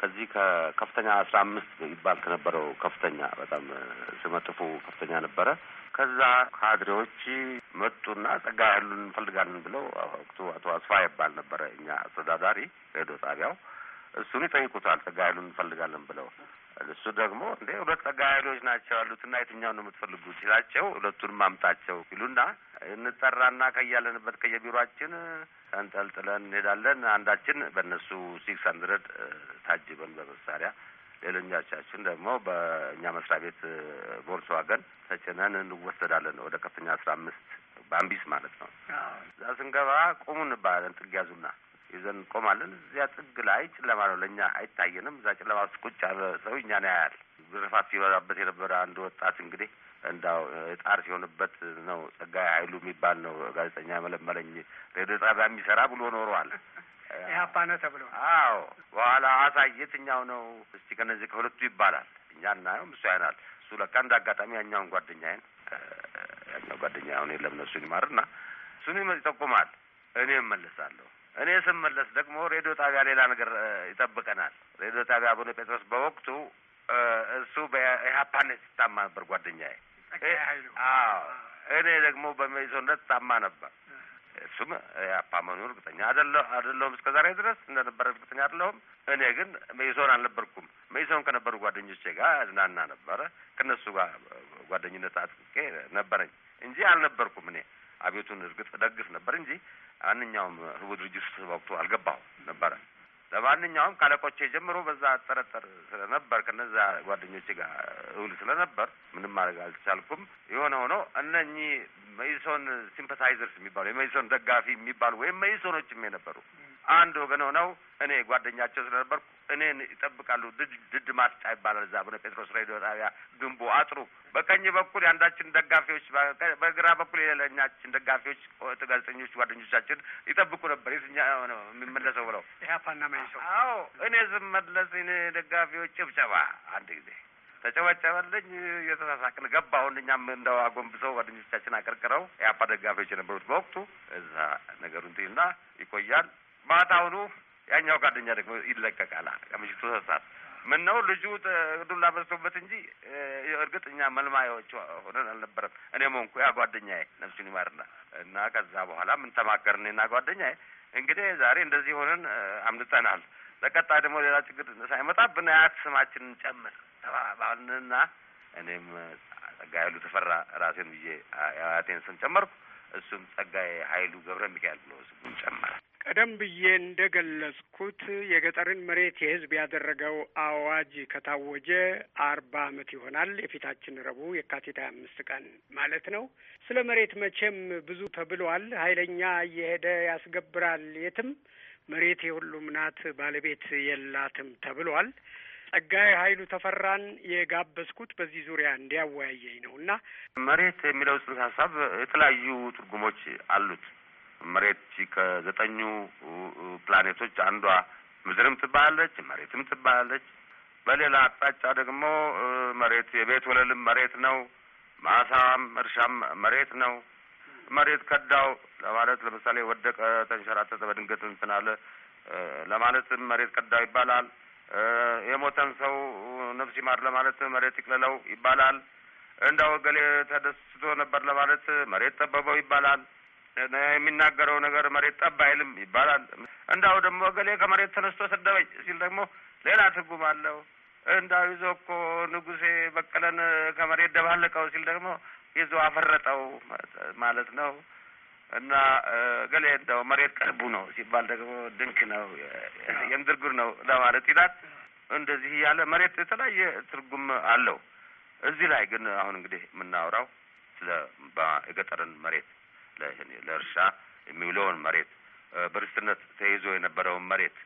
ከዚህ ከከፍተኛ አስራ አምስት ይባል ከነበረው ከፍተኛ በጣም ስመጥፉ ከፍተኛ ነበረ። ከዛ ካድሬዎች መጡና ጸጋ ያሉን እንፈልጋለን ብለው ወቅቱ አቶ አስፋ ይባል ነበረ እኛ አስተዳዳሪ ሬዲዮ ጣቢያው እሱን ይጠይቁታል። ጸጋ ያሉን እንፈልጋለን ብለው እሱ ደግሞ እንዴ ሁለት ጸጋ ኃይሎች ናቸው ያሉትና የትኛውን ነው የምትፈልጉት ሲላቸው ሁለቱንም አምጣቸው ይሉና እንጠራና ከያለንበት ከየቢሮአችን ተንጠልጥለን እንሄዳለን። አንዳችን በእነሱ ሲክስ ሀንድረድ ታጅበን በመሳሪያ ሌሎኛቻችን ደግሞ በእኛ መስሪያ ቤት ቮልስዋገን ተጭነን እንወሰዳለን ወደ ከፍተኛ አስራ አምስት በአምቢስ ማለት ነው። እዛ ስንገባ ቁሙ እንባላለን። ጥግ ያዙና ይዘን እንቆማለን። እዚያ ጥግ ላይ ጨለማ ነው፣ ለእኛ አይታየንም። እዛ ጨለማ ውስጥ ቁጭ ያለ ሰው እኛን ያያል። ብርፋት ሲበዛበት የነበረ አንድ ወጣት እንግዲህ እንዳው እጣር ሲሆንበት ነው። ጸጋይ ኃይሉ የሚባል ነው ጋዜጠኛ መለመለኝ ሬዲዮ ጣቢያ የሚሰራ ብሎ ኖረዋል። ኢህአፓ ነው ተብሎ አዎ። በኋላ አሳይ የትኛው ነው እስቲ ከነዚህ ከሁለቱ ይባላል። እኛ እናየው እሱ ያናል። እሱ ለካ እንደ አጋጣሚ ያኛውን ጓደኛዬን ያኛው ጓደኛ አሁን የለም ነሱ ይማርና እሱን ይጠቁማል። እኔ እመለሳለሁ። እኔ ስመለስ ደግሞ ሬዲዮ ጣቢያ ሌላ ነገር ይጠብቀናል። ሬዲዮ ጣቢያ አቡነ ጴጥሮስ በወቅቱ እሱ በኢህአፓነት ሲታማ ነበር ጓደኛዬ እኔ ደግሞ በመይሶነት ታማ ነበር። እሱም አፓመኑ እርግጠኛ አይደለሁም። እስከ ዛሬ ድረስ እንደነበረ እርግጠኛ አደለሁም እኔ ግን መይሶን አልነበርኩም። መይዞን ከነበሩ ጓደኞቼ ጋር ዝናና ነበረ። ከነሱ ጋር ጓደኝነት አጥብቄ ነበረኝ እንጂ አልነበርኩም። እኔ አቤቱን እርግጥ ደግፍ ነበር እንጂ ማንኛውም ህቡ ድርጅት ውስጥ ወቅቱ አልገባሁም ነበረ። ለማንኛውም ካለቆቼ ጀምሮ በዛ ጠረጠር ስለነበር ከነዛ ጓደኞች ጋር እውል ስለነበር ምንም ማድረግ አልቻልኩም። የሆነ ሆኖ እነኚህ መይሶን ሲምፐታይዘርስ የሚባሉ የመይሶን ደጋፊ የሚባሉ ወይም መይሶኖችም የነበሩ አንድ ወገን ሆነው እኔ ጓደኛቸው ስለነበርኩ እኔን ይጠብቃሉ። ድድ ማስጫ ይባላል። እዛ አቡነ ጴጥሮስ ሬዲዮ ጣቢያ ግንቡ አጥሩ በቀኝ በኩል የአንዳችን ደጋፊዎች፣ በግራ በኩል የሌላኛችን ደጋፊዎች፣ ጋዜጠኞች ጓደኞቻችን ይጠብቁ ነበር። የትኛ ነው የሚመለሰው ብለው ኢህአፓና መልሰው። አዎ እኔ ስመለስ እኔ ደጋፊዎች ጭብጨባ አንድ ጊዜ ተጨበጨበልኝ። እየተሳሳቅን ገባሁን። እኛም እንደው አጎንብሰው ጓደኞቻችን አቀርቅረው ኢህአፓ ደጋፊዎች የነበሩት በወቅቱ እዛ ነገሩ እንትና ይቆያል ማታውኑ ያኛው ጓደኛ ደግሞ ይለቀቃል ከምሽቱ ሶስት ምን ነው ልጁ ዱላ በዝቶበት እንጂ እርግጥ እኛ መልማዮች ሆነን አልነበረም። እኔ ሆንኩ ያ ጓደኛዬ ነፍሱን ይማርና እና ከዛ በኋላ ምን ተማከርን እና ጓደኛዬ እንግዲህ ዛሬ እንደዚህ ሆነን አምልጠናል። ለቀጣይ ደግሞ ሌላ ችግር ሳይመጣ ብናያት ስማችን ጨምር ተባባልንና እኔም ጸጋ ኃይሉ ተፈራ ራሴን ብዬ የአያቴን ስም ጨመርኩ። እሱም ጸጋዬ ኃይሉ ገብረ ሚካኤል ብሎ ስሙን ጨመረ። ቀደም ብዬ ገለጽኩት የገጠርን መሬት የህዝብ ያደረገው አዋጅ ከታወጀ አርባ አመት ይሆናል። የፊታችን ረቡዕ የካቲት ሀያ አምስት ቀን ማለት ነው። ስለ መሬት መቼም ብዙ ተብሏል። ኃይለኛ እየሄደ ያስገብራል የትም መሬት የሁሉም ናት ባለቤት የላትም ተብሏል። ጸጋዬ ኃይሉ ተፈራን የጋበዝኩት በዚህ ዙሪያ እንዲያወያየኝ ነው እና መሬት የሚለው ጽንሰ ሀሳብ የተለያዩ ትርጉሞች አሉት። መሬት ከዘጠኙ ፕላኔቶች አንዷ ምድርም ትባላለች፣ መሬትም ትባላለች። በሌላ አቅጣጫ ደግሞ መሬት የቤት ወለልም መሬት ነው፣ ማሳም እርሻም መሬት ነው። መሬት ከዳው ለማለት ለምሳሌ ወደቀ፣ ተንሸራተተ፣ በድንገት እንትን አለ ለማለት መሬት ከዳው ይባላል። የሞተን ሰው ነፍስ ይማር ለማለት መሬት ይቅለለው ይባላል። እንዳው እገሌ ተደስቶ ነበር ለማለት መሬት ጠበበው ይባላል። የሚናገረው ነገር መሬት ጠብ አይልም ይባላል። እንዳው ደግሞ እገሌ ከመሬት ተነስቶ ሰደበኝ ሲል ደግሞ ሌላ ትርጉም አለው። እንዳው ይዞ እኮ ንጉሴ በቀለን ከመሬት ደባለቀው ሲል ደግሞ ይዞ አፈረጠው ማለት ነው። እና እገሌ እንደው መሬት ቀርቡ ነው ሲባል ደግሞ ድንክ ነው የምድርጉር ነው ለማለት ይላል። እንደዚህ እያለ መሬት የተለያየ ትርጉም አለው። እዚህ ላይ ግን አሁን እንግዲህ የምናወራው ስለ የገጠርን መሬት ለእርሻ የሚውለውን መሬት በርስትነት ተይዞ የነበረውን መሬት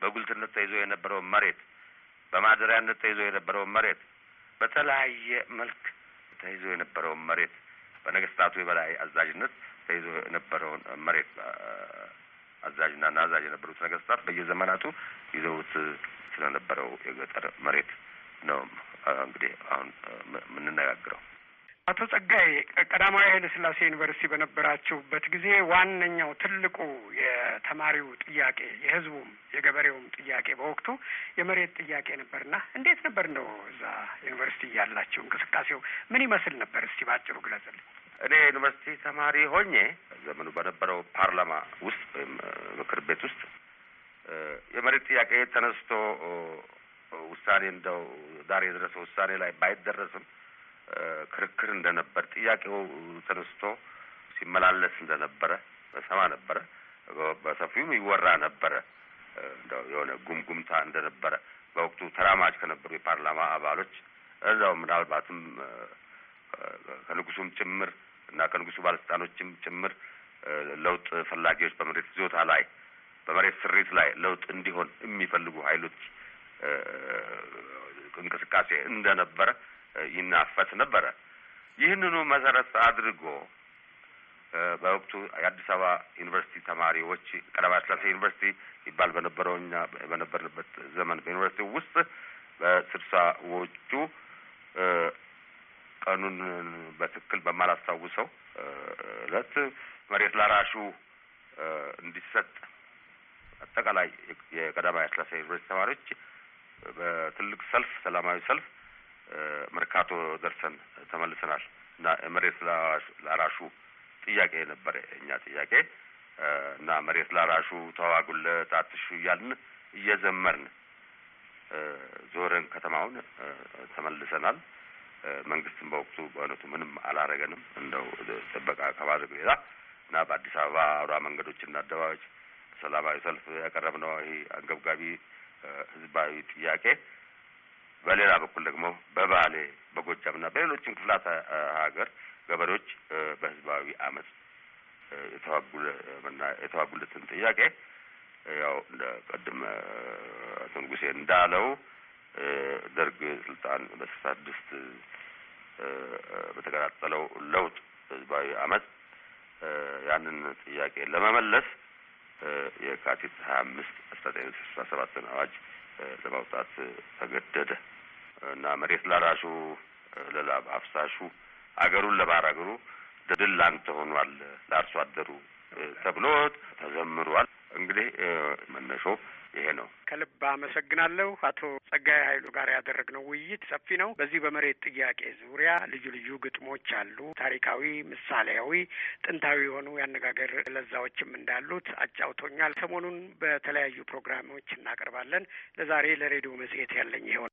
በጉልትነት ተይዞ የነበረውን መሬት በማደሪያነት ተይዞ የነበረውን መሬት በተለያየ መልክ ተይዞ የነበረውን መሬት በነገስታቱ የበላይ አዛዥነት ተይዞ የነበረውን መሬት አዛዥና ናዛዥ የነበሩት ነገስታት በየዘመናቱ ይዘውት ስለነበረው የገጠር መሬት ነው እንግዲህ አሁን የምንነጋግረው። አቶ ጸጋዬ ቀዳማዊ ኃይለ ስላሴ ዩኒቨርሲቲ በነበራችሁበት ጊዜ ዋነኛው ትልቁ የተማሪው ጥያቄ የህዝቡም የገበሬውም ጥያቄ በወቅቱ የመሬት ጥያቄ ነበርና እንዴት ነበር ነው እዛ ዩኒቨርሲቲ እያላችሁ እንቅስቃሴው ምን ይመስል ነበር? እስቲ ባጭሩ ግለጽልኝ። እኔ ዩኒቨርሲቲ ተማሪ ሆኜ ዘመኑ በነበረው ፓርላማ ውስጥ ወይም ምክር ቤት ውስጥ የመሬት ጥያቄ ተነስቶ ውሳኔ እንደው ዛሬ የደረሰ ውሳኔ ላይ ባይደረስም ክርክር እንደነበር ጥያቄው ተነስቶ ሲመላለስ እንደነበረ በሰማ ነበረ። በሰፊውም ይወራ ነበረ። የሆነ ጉምጉምታ እንደነበረ በወቅቱ ተራማጅ ከነበሩ የፓርላማ አባሎች እዛው ምናልባትም ከንጉሱም ጭምር እና ከንጉሱ ባለስልጣኖችም ጭምር ለውጥ ፈላጊዎች በመሬት ይዞታ ላይ በመሬት ስሪት ላይ ለውጥ እንዲሆን የሚፈልጉ ሀይሎች እንቅስቃሴ እንደነበረ ይናፈስ ነበረ። ይህንኑ መሰረት አድርጎ በወቅቱ የአዲስ አበባ ዩኒቨርሲቲ ተማሪዎች ቀዳማዊ ኃይለ ሥላሴ ዩኒቨርሲቲ ይባል በነበረው እኛ በነበርንበት ዘመን በዩኒቨርሲቲ ውስጥ በስብሰባዎቹ ቀኑን በትክክል በማላስታውሰው እለት መሬት ላራሹ እንዲሰጥ አጠቃላይ የቀዳማዊ ኃይለ ሥላሴ ዩኒቨርሲቲ ተማሪዎች በትልቅ ሰልፍ፣ ሰላማዊ ሰልፍ መርካቶ ደርሰን ተመልሰናል እና መሬት ላራሹ ጥያቄ ነበረ እኛ ጥያቄ እና መሬት ላራሹ ተዋጉለት አትሹ እያልን እየዘመርን ዞረን ከተማውን ተመልሰናል። መንግስትም በወቅቱ በእውነቱ ምንም አላረገንም እንደው ጥበቃ ከባድርግ ሌላ እና በአዲስ አበባ አውራ መንገዶችና አደባባዮች ሰላማዊ ሰልፍ ያቀረብነው ይሄ አንገብጋቢ ህዝባዊ ጥያቄ በሌላ በኩል ደግሞ በባሌ በጎጃምና በሌሎችም ክፍላት ሀገር ገበሬዎች በህዝባዊ አመፅ የተዋጉለትን ጥያቄ ያው እንደ ቀድም አቶ ንጉሴ እንዳለው ደርግ ስልጣን በስልሳ ስድስት በተቀጣጠለው ለውጥ ህዝባዊ አመፅ ያንን ጥያቄ ለመመለስ የካቲት ሀያ አምስት አስራ ዘጠኝ ስልሳ ሰባትን አዋጅ ለማውጣት ተገደደ እና መሬት ላራሹ፣ ለላብ አፍሳሹ፣ አገሩን ለባራገሩ ድል አንተ ሆኗል፣ ለአርሶ አደሩ ተብሎ ተዘምሯል። እንግዲህ መነሾ ይሄ ነው። ከልብ አመሰግናለሁ። አቶ ጸጋዬ ኃይሉ ጋር ያደረግነው ውይይት ሰፊ ነው። በዚህ በመሬት ጥያቄ ዙሪያ ልዩ ልዩ ግጥሞች አሉ። ታሪካዊ፣ ምሳሌያዊ፣ ጥንታዊ የሆኑ ያነጋገር ለዛዎችም እንዳሉት አጫውቶኛል። ሰሞኑን በተለያዩ ፕሮግራሞች እናቀርባለን። ለዛሬ ለሬዲዮ መጽሔት ያለኝ ይሆን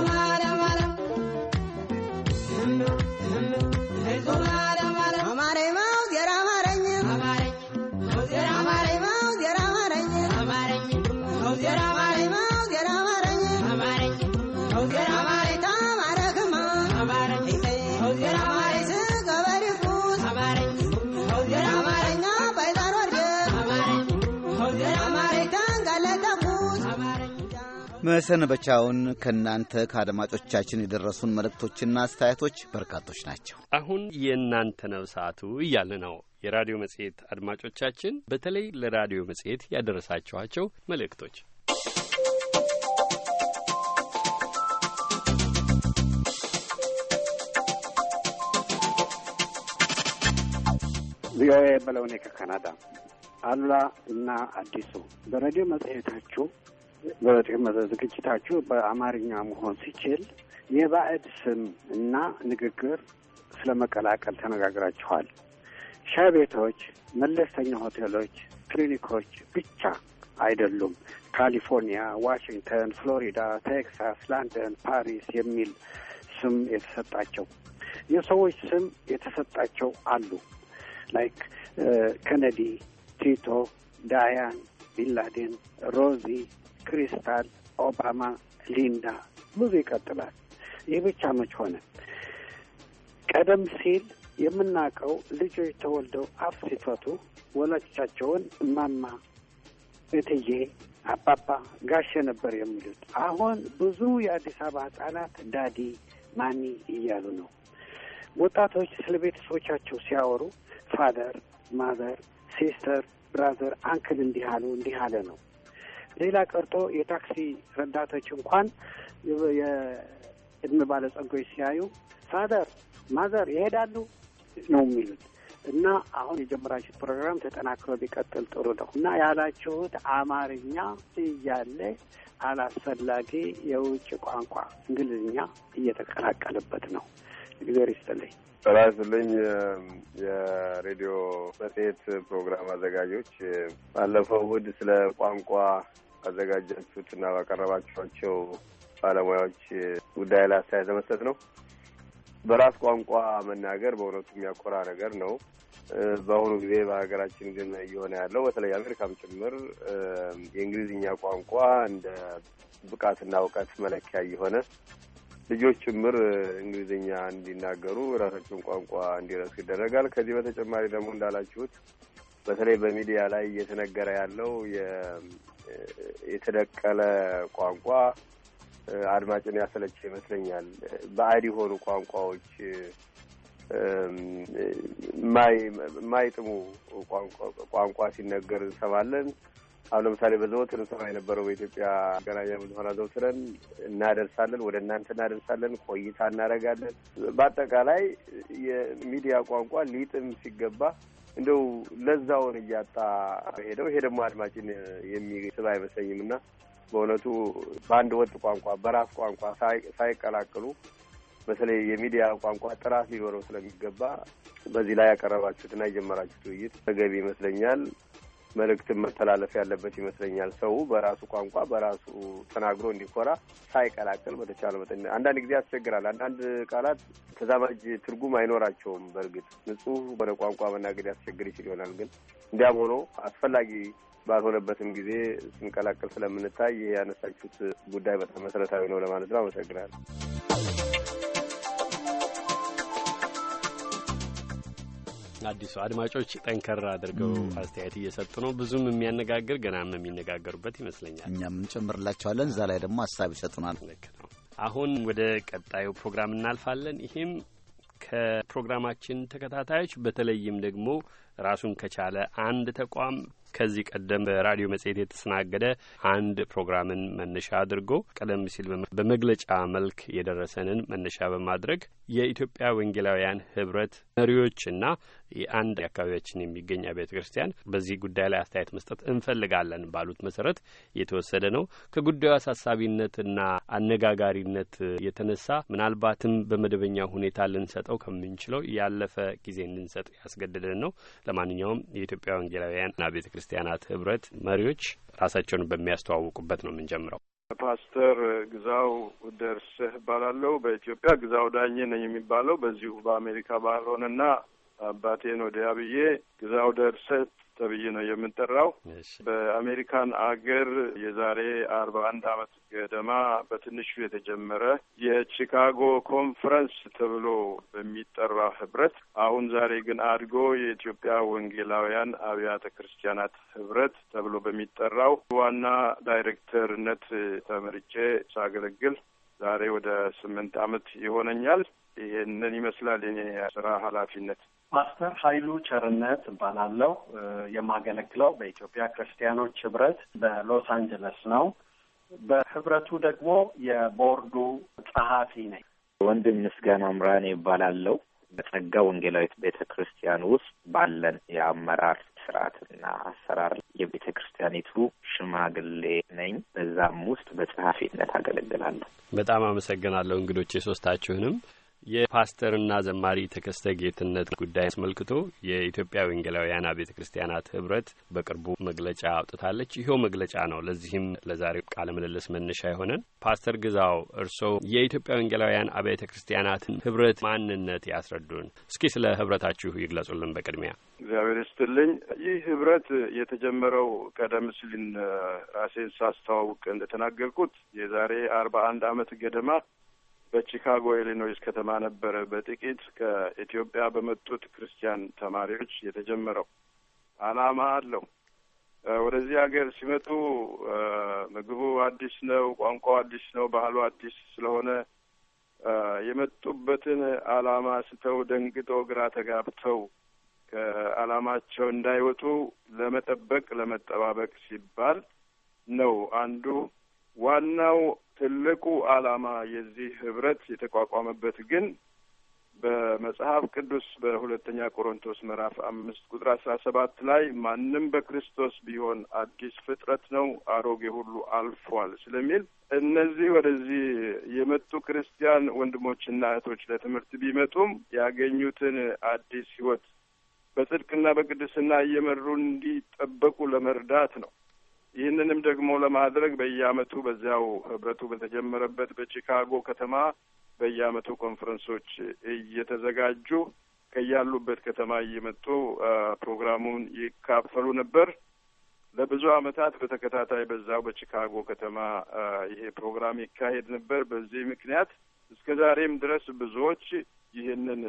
tomar. መሰነበቻውን ከእናንተ ከአድማጮቻችን የደረሱን መልእክቶችና አስተያየቶች በርካቶች ናቸው። አሁን የእናንተ ነው ሰዓቱ እያለ ነው የራዲዮ መጽሔት አድማጮቻችን በተለይ ለራዲዮ መጽሔት ያደረሳችኋቸው መልእክቶች ቪኦኤ የምለው እኔ ከካናዳ አሉላ እና አዲሱ በሬዲዮ መጽሔታችሁ ዝግጅታችሁ በአማርኛ መሆን ሲችል የባዕድ ስም እና ንግግር ስለመቀላቀል ተነጋግራችኋል። ሻይ ቤቶች፣ መለስተኛ ሆቴሎች፣ ክሊኒኮች ብቻ አይደሉም። ካሊፎርኒያ፣ ዋሽንግተን፣ ፍሎሪዳ፣ ቴክሳስ፣ ላንደን፣ ፓሪስ የሚል ስም የተሰጣቸው የሰዎች ስም የተሰጣቸው አሉ። ላይክ ከነዲ፣ ቲቶ፣ ዳያን፣ ቢንላዴን፣ ሮዚ ክሪስታል፣ ኦባማ፣ ሊንዳ ብዙ ይቀጥላል። ይህ ብቻ መች ሆነ? ቀደም ሲል የምናውቀው ልጆች ተወልደው አፍ ሲፈቱ ወላጆቻቸውን እማማ፣ እትዬ፣ አባባ፣ ጋሼ ነበር የሚሉት። አሁን ብዙ የአዲስ አበባ ህጻናት ዳዲ ማሚ እያሉ ነው። ወጣቶች ስለ ቤተሰቦቻቸው ሲያወሩ ፋደር፣ ማዘር፣ ሲስተር፣ ብራዘር፣ አንክል እንዲህ አሉ እንዲህ አለ ነው። ሌላ ቀርጦ የታክሲ ረዳቶች እንኳን የእድሜ ባለጸጎች ሲያዩ ፋደር ማዘር ይሄዳሉ ነው የሚሉት። እና አሁን የጀመራችሁት ፕሮግራም ተጠናክሮ ቢቀጥል ጥሩ ነው እና ያላችሁት አማርኛ እያለ አላስፈላጊ የውጭ ቋንቋ እንግሊዝኛ እየተቀላቀለበት ነው። እግዚአብሔር ይስጥልኝ። ጤና ይስጥልኝ። የሬዲዮ መጽሔት ፕሮግራም አዘጋጆች ባለፈው እሑድ ስለ ቋንቋ አዘጋጃችሁት እና ባቀረባችኋቸው ባለሙያዎች ጉዳይ ላይ አስተያየት ለመስጠት ነው። በራስ ቋንቋ መናገር በእውነቱ የሚያኮራ ነገር ነው። በአሁኑ ጊዜ በሀገራችን ግን እየሆነ ያለው በተለይ አሜሪካም ጭምር የእንግሊዝኛ ቋንቋ እንደ ብቃትና እውቀት መለኪያ እየሆነ ልጆች ጭምር እንግሊዝኛ እንዲናገሩ ራሳቸውን ቋንቋ እንዲረሱ ይደረጋል። ከዚህ በተጨማሪ ደግሞ እንዳላችሁት በተለይ በሚዲያ ላይ እየተነገረ ያለው የተደቀለ ቋንቋ አድማጭን ያሰለቸ ይመስለኛል። ባዕድ የሆኑ ቋንቋዎች ማይጥሙ ቋንቋ ሲነገር እንሰማለን። አሁን ለምሳሌ በዘወትር ስራ የነበረው በኢትዮጵያ መገናኛ ብዙኃን አዘውትረን እናደርሳለን፣ ወደ እናንተ እናደርሳለን፣ ቆይታ እናደርጋለን። በአጠቃላይ የሚዲያ ቋንቋ ሊጥም ሲገባ እንደው ለዛውን እያጣ ሄደው ይሄ ደግሞ አድማጭን የሚስብ አይመስለኝም እና በእውነቱ በአንድ ወጥ ቋንቋ በራስ ቋንቋ ሳይቀላቅሉ በተለይ የሚዲያ ቋንቋ ጥራት ሊኖረው ስለሚገባ በዚህ ላይ ያቀረባችሁትና የጀመራችሁት ውይይት ተገቢ ይመስለኛል። መልእክትን መተላለፍ ያለበት ይመስለኛል። ሰው በራሱ ቋንቋ በራሱ ተናግሮ እንዲኮራ ሳይቀላቅል በተቻለ መጠን አንዳንድ ጊዜ ያስቸግራል። አንዳንድ ቃላት ተዛማጅ ትርጉም አይኖራቸውም። በእርግጥ ንጹህ ወደ ቋንቋ መናገድ ያስቸግር ይችል ይሆናል። ግን እንዲያም ሆኖ አስፈላጊ ባልሆነበትም ጊዜ ስንቀላቀል ስለምንታይ ይህ ያነሳችሁት ጉዳይ በጣም መሰረታዊ ነው ለማለት ነው። አመሰግናለሁ። አዲሱ አድማጮች ጠንከራ አድርገው አስተያየት እየሰጡ ነው። ብዙም የሚያነጋግር ገናም የሚነጋገሩበት ይመስለኛል። እኛም እንጨምርላቸዋለን። እዛ ላይ ደግሞ ሀሳብ ይሰጡናል። ልክ ነው። አሁን ወደ ቀጣዩ ፕሮግራም እናልፋለን። ይህም ከፕሮግራማችን ተከታታዮች በተለይም ደግሞ ራሱን ከቻለ አንድ ተቋም ከዚህ ቀደም በራዲዮ መጽሔት የተስተናገደ አንድ ፕሮግራምን መነሻ አድርጎ ቀደም ሲል በመግለጫ መልክ የደረሰንን መነሻ በማድረግ የኢትዮጵያ ወንጌላውያን ህብረት መሪዎችና የአንድ አካባቢያችን የሚገኝ አብያተ ክርስቲያን በዚህ ጉዳይ ላይ አስተያየት መስጠት እንፈልጋለን ባሉት መሰረት የተወሰደ ነው። ከጉዳዩ አሳሳቢነትና አነጋጋሪነት የተነሳ ምናልባትም በመደበኛ ሁኔታ ልንሰጠው ከምንችለው ያለፈ ጊዜ እንድንሰጥ ያስገደደን ነው። ለማንኛውም የኢትዮጵያ ወንጌላውያን ቤተ ክርስቲያናት ህብረት መሪዎች ራሳቸውን በሚያስተዋውቁበት ነው የምንጀምረው። ፓስተር ግዛው ደርስህ እባላለሁ። በኢትዮጵያ ግዛው ዳኜ ነኝ የሚባለው በዚሁ በአሜሪካ ባህል አባቴን ወዲያ ብዬ ግዛው ደርስህ ተብዬ ነው የምንጠራው። በአሜሪካን አገር የዛሬ አርባ አንድ አመት ገደማ በትንሹ የተጀመረ የቺካጎ ኮንፈረንስ ተብሎ በሚጠራ ህብረት አሁን ዛሬ ግን አድጎ የኢትዮጵያ ወንጌላውያን አብያተ ክርስቲያናት ህብረት ተብሎ በሚጠራው ዋና ዳይሬክተርነት ተመርጬ ሳገለግል ዛሬ ወደ ስምንት አመት ይሆነኛል። ይህንን ይመስላል የኔ ስራ ኃላፊነት። ማስተር ኃይሉ ቸርነት እባላለሁ። የማገለግለው በኢትዮጵያ ክርስቲያኖች ህብረት በሎስ አንጀለስ ነው። በህብረቱ ደግሞ የቦርዱ ጸሐፊ ነኝ። ወንድም ምስጋና ምራኔ ይባላለው። በጸጋ ወንጌላዊት ቤተ ክርስቲያን ውስጥ ባለን የአመራር ስርዓትና አሰራር የቤተ ክርስቲያኒቱ ሽማግሌ ነኝ። በዛም ውስጥ በጸሐፊነት አገለግላለሁ። በጣም አመሰግናለሁ እንግዶች የሶስታችሁንም የፓስተርና ዘማሪ ተከስተ ጌትነት ጉዳይ አስመልክቶ የኢትዮጵያ ወንጌላውያን አብያተ ክርስቲያናት ህብረት በቅርቡ መግለጫ አውጥታለች። ይኸው መግለጫ ነው ለዚህም ለዛሬው ቃለ ምልልስ መነሻ የሆነን። ፓስተር ግዛው እርስዎ የኢትዮጵያ ወንጌላውያን አብያተ ክርስቲያናትን ህብረት ማንነት ያስረዱን። እስኪ ስለ ህብረታችሁ ይግለጹልን። በቅድሚያ እግዚአብሔር ይስጥልኝ። ይህ ህብረት የተጀመረው ቀደም ሲልን ራሴን ሳስተዋውቅ እንደተናገርኩት የዛሬ አርባ አንድ አመት ገደማ በቺካጎ ኢሊኖይስ ከተማ ነበረ በጥቂት ከኢትዮጵያ በመጡት ክርስቲያን ተማሪዎች የተጀመረው። አላማ አለው። ወደዚህ ሀገር ሲመጡ ምግቡ አዲስ ነው፣ ቋንቋው አዲስ ነው፣ ባህሉ አዲስ ስለሆነ የመጡበትን አላማ ስተው ደንግጦ ግራ ተጋብተው ከአላማቸው እንዳይወጡ ለመጠበቅ ለመጠባበቅ ሲባል ነው አንዱ ዋናው ትልቁ ዓላማ የዚህ ህብረት የተቋቋመበት ግን በመጽሐፍ ቅዱስ በሁለተኛ ቆሮንቶስ ምዕራፍ አምስት ቁጥር አስራ ሰባት ላይ ማንም በክርስቶስ ቢሆን አዲስ ፍጥረት ነው፣ አሮጌ ሁሉ አልፏል ስለሚል እነዚህ ወደዚህ የመጡ ክርስቲያን ወንድሞችና እህቶች ለትምህርት ቢመጡም ያገኙትን አዲስ ህይወት በጽድቅና በቅድስና እየመሩ እንዲጠበቁ ለመርዳት ነው። ይህንንም ደግሞ ለማድረግ በየአመቱ በዚያው ህብረቱ በተጀመረበት በቺካጎ ከተማ በየአመቱ ኮንፈረንሶች እየተዘጋጁ ከያሉበት ከተማ እየመጡ ፕሮግራሙን ይካፈሉ ነበር። ለብዙ አመታት በተከታታይ በዛው በቺካጎ ከተማ ይሄ ፕሮግራም ይካሄድ ነበር። በዚህ ምክንያት እስከ ዛሬም ድረስ ብዙዎች ይህንን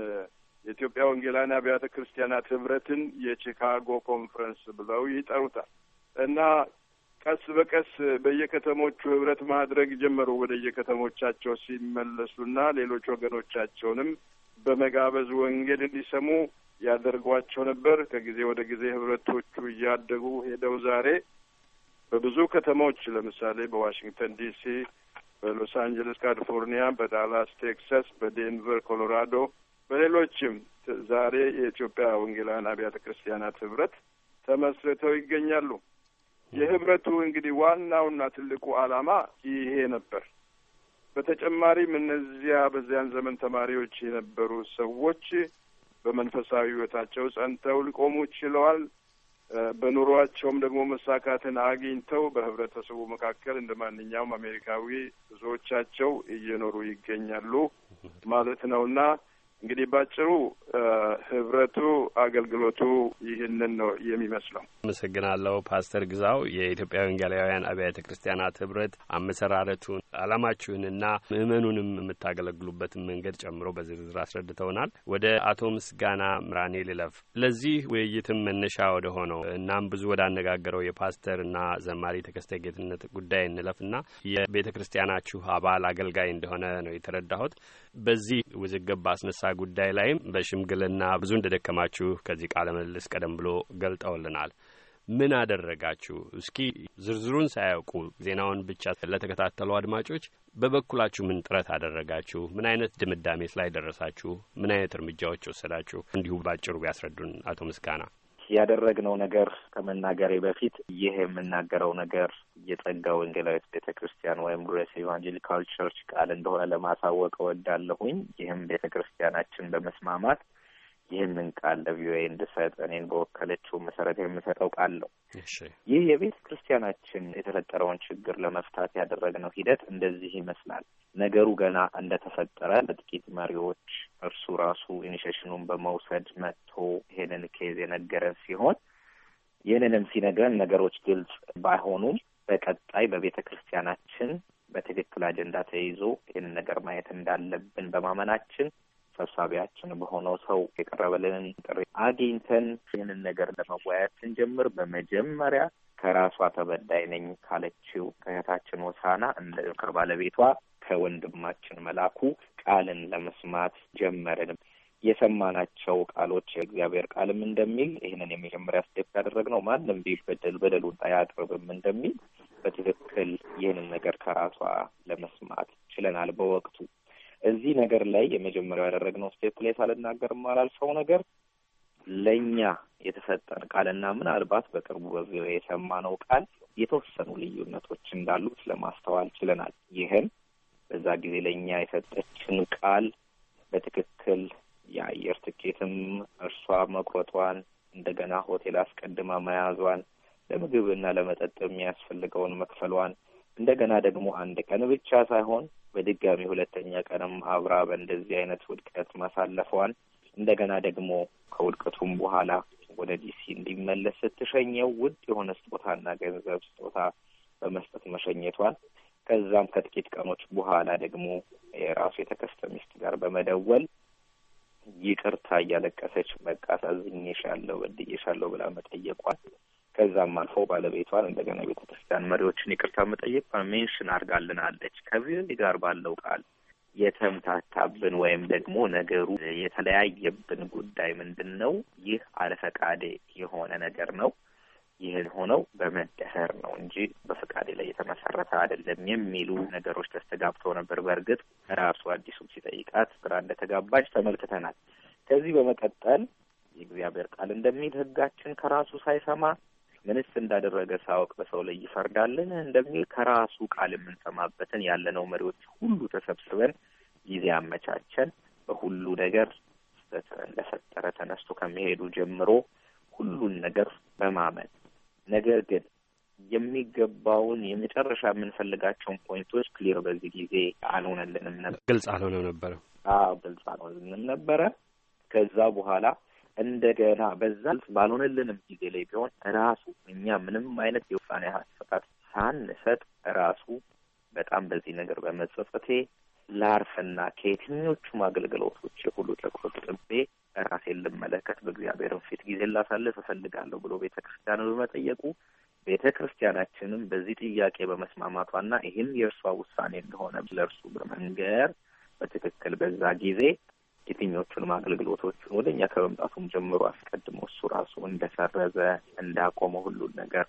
የኢትዮጵያ ወንጌላውያን አብያተ ክርስቲያናት ህብረትን የቺካጎ ኮንፈረንስ ብለው ይጠሩታል እና ቀስ በቀስ በየከተሞቹ ህብረት ማድረግ ጀመሩ። ወደ የከተሞቻቸው ሲመለሱና ሌሎች ወገኖቻቸውንም በመጋበዝ ወንጌል እንዲሰሙ ያደርጓቸው ነበር። ከጊዜ ወደ ጊዜ ህብረቶቹ እያደጉ ሄደው ዛሬ በብዙ ከተሞች ለምሳሌ በዋሽንግተን ዲሲ፣ በሎስ አንጀለስ ካሊፎርኒያ፣ በዳላስ ቴክሳስ፣ በዴንቨር ኮሎራዶ፣ በሌሎችም ዛሬ የኢትዮጵያ ወንጌላውያን አብያተ ክርስቲያናት ህብረት ተመስርተው ይገኛሉ። የህብረቱ እንግዲህ ዋናውና ትልቁ ዓላማ ይሄ ነበር። በተጨማሪም እነዚያ በዚያን ዘመን ተማሪዎች የነበሩ ሰዎች በመንፈሳዊ ህይወታቸው ጸንተው ሊቆሙ ችለዋል። በኑሯቸውም ደግሞ መሳካትን አግኝተው በህብረተሰቡ መካከል እንደ ማንኛውም አሜሪካዊ ብዙዎቻቸው እየኖሩ ይገኛሉ ማለት ነውና እንግዲህ ባጭሩ ህብረቱ አገልግሎቱ ይህንን ነው የሚመስለው። አመሰግናለሁ ፓስተር ግዛው የኢትዮጵያ ወንጌላውያን አብያተ ክርስቲያናት ህብረት አመሰራረቱን፣ አላማችሁንና ምእመኑንም የምታገለግሉበትን መንገድ ጨምሮ በዝርዝር አስረድተውናል። ወደ አቶ ምስጋና ምራኔ ልለፍ። ለዚህ ውይይትም መነሻ ወደ ሆነው እናም ብዙ ወዳነጋገረው የፓስተርና ዘማሪ ተከስተ ጌትነት ጉዳይ እንለፍና የቤተ ክርስቲያናችሁ አባል አገልጋይ እንደሆነ ነው የተረዳሁት። በዚህ ውዝግብ ባስነሳ ጉዳይ ላይም በሽምግልና ብዙ እንደደከማችሁ ከዚህ ቃለ ምልልስ ቀደም ብሎ ገልጠውልናል። ምን አደረጋችሁ? እስኪ ዝርዝሩን ሳያውቁ ዜናውን ብቻ ለተከታተሉ አድማጮች በበኩላችሁ ምን ጥረት አደረጋችሁ? ምን አይነት ድምዳሜስ ላይ ደረሳችሁ? ምን አይነት እርምጃዎች ወሰዳችሁ? እንዲሁ ባጭሩ ቢያስረዱን አቶ ምስጋና። ያደረግነው ነገር ከመናገሬ በፊት ይህ የምናገረው ነገር የጸጋ ወንጌላዊት ቤተ ክርስቲያን ወይም ግሬስ ኢቫንጀሊካል ቸርች ቃል እንደሆነ ለማሳወቅ እወዳለሁኝ። ይህም ቤተ ክርስቲያናችን በመስማማት ይህንን ቃል ለቪኦኤ እንድሰጥ እኔን በወከለችው መሰረት የምሰጠው ቃል ነው። ይህ የቤተ ክርስቲያናችን የተፈጠረውን ችግር ለመፍታት ያደረግነው ሂደት እንደዚህ ይመስላል። ነገሩ ገና እንደተፈጠረ ለጥቂት መሪዎች እርሱ ራሱ ኢኒሼሽኑን በመውሰድ መጥቶ ይህንን ኬዝ የነገረን ሲሆን ይህንንም ሲነግረን ነገሮች ግልጽ ባይሆኑም በቀጣይ በቤተ ክርስቲያናችን በትክክል አጀንዳ ተይዞ ይህንን ነገር ማየት እንዳለብን በማመናችን ሰብሳቢያችን በሆነው ሰው የቀረበልንን ጥሪ አግኝተን ይህንን ነገር ለመወያየት ስንጀምር በመጀመሪያ ከራሷ ተበዳይ ነኝ ካለችው ከእህታችን ወሳና ከባለቤቷ ከወንድማችን መላኩ ቃልን ለመስማት ጀመርን። የሰማናቸው ቃሎች የእግዚአብሔር ቃልም እንደሚል ይህንን የመጀመሪያ ስቴፕ ያደረግነው ማንም ቢበደል በደሉን አያቅርብም እንደሚል በትክክል ይህንን ነገር ከራሷ ለመስማት ችለናል በወቅቱ እዚህ ነገር ላይ የመጀመሪያው ያደረግነው ስቴፕ ላይ ሳልናገር የማላልፈው ነገር ለእኛ የተሰጠን ቃልና ምናልባት በቅርቡ የሰማነው ቃል የተወሰኑ ልዩነቶች እንዳሉት ለማስተዋል ችለናል። ይህም በዛ ጊዜ ለእኛ የሰጠችን ቃል በትክክል የአየር ትኬትም እርሷ መቁረጧን፣ እንደገና ሆቴል አስቀድማ መያዟን፣ ለምግብና ለመጠጥ የሚያስፈልገውን መክፈሏን እንደገና ደግሞ አንድ ቀን ብቻ ሳይሆን በድጋሚ ሁለተኛ ቀንም አብራ በእንደዚህ አይነት ውድቀት ማሳለፈዋን እንደገና ደግሞ ከውድቀቱም በኋላ ወደ ዲሲ እንዲመለስ ስትሸኘው ውድ የሆነ ስጦታና ገንዘብ ስጦታ በመስጠት መሸኘቷን ከዛም ከጥቂት ቀኖች በኋላ ደግሞ የራሱ የተከስተ ሚስት ጋር በመደወል ይቅርታ እያለቀሰች በቃ አሳዝኜሻለሁ፣ በድዬሻለሁ ብላ መጠየቋል። ከዛም አልፎ ባለቤቷን እንደገና የቤተ ክርስቲያን መሪዎችን ይቅርታ መጠየቅ ሜንሽን አድርጋልናለች። ከቪዮኒ ጋር ባለው ቃል የተምታታብን ወይም ደግሞ ነገሩ የተለያየብን ጉዳይ ምንድን ነው? ይህ አለፈቃዴ የሆነ ነገር ነው። ይህን ሆነው በመደፈር ነው እንጂ በፈቃዴ ላይ የተመሰረተ አይደለም የሚሉ ነገሮች ተስተጋብተው ነበር። በእርግጥ ራሱ አዲሱም ሲጠይቃት ግራ እንደተጋባች ተመልክተናል። ከዚህ በመቀጠል የእግዚአብሔር ቃል እንደሚል ሕጋችን ከራሱ ሳይሰማ ምንስ እንዳደረገ ሳወቅ በሰው ላይ ይፈርዳልን እንደሚል ከራሱ ቃል የምንሰማበትን ያለነው መሪዎች ሁሉ ተሰብስበን ጊዜ አመቻቸን። በሁሉ ነገር እንደፈጠረ ተነስቶ ከመሄዱ ጀምሮ ሁሉን ነገር በማመን ነገር ግን የሚገባውን የመጨረሻ የምንፈልጋቸውን ፖይንቶች ክሊር በዚህ ጊዜ አልሆነልንም ነበር። ግልጽ አልሆነም ነበረ። አዎ ግልጽ አልሆነልንም ነበረ። ከዛ በኋላ እንደገና በዛ ልፍ ባልሆነልንም ጊዜ ላይ ቢሆን ራሱ እኛ ምንም አይነት የውሳኔ ፈቃድ ሳንሰጥ ራሱ በጣም በዚህ ነገር በመጸጸቴ ላርፍና ከየትኞቹም አገልግሎቶች ሁሉ ተቆጥቤ ራሴ ልመለከት በእግዚአብሔርን ፊት ጊዜ ላሳልፍ እፈልጋለሁ ብሎ ቤተ ክርስቲያንን በመጠየቁ ቤተ ክርስቲያናችንም በዚህ ጥያቄ በመስማማቷና ይህም የእርሷ ውሳኔ እንደሆነ ለእርሱ በመንገር በትክክል በዛ ጊዜ የትኞቹንም አገልግሎቶች ወደ እኛ ከመምጣቱም ጀምሮ አስቀድሞ እሱ ራሱ እንደሰረዘ እንዳቆመ ሁሉን ነገር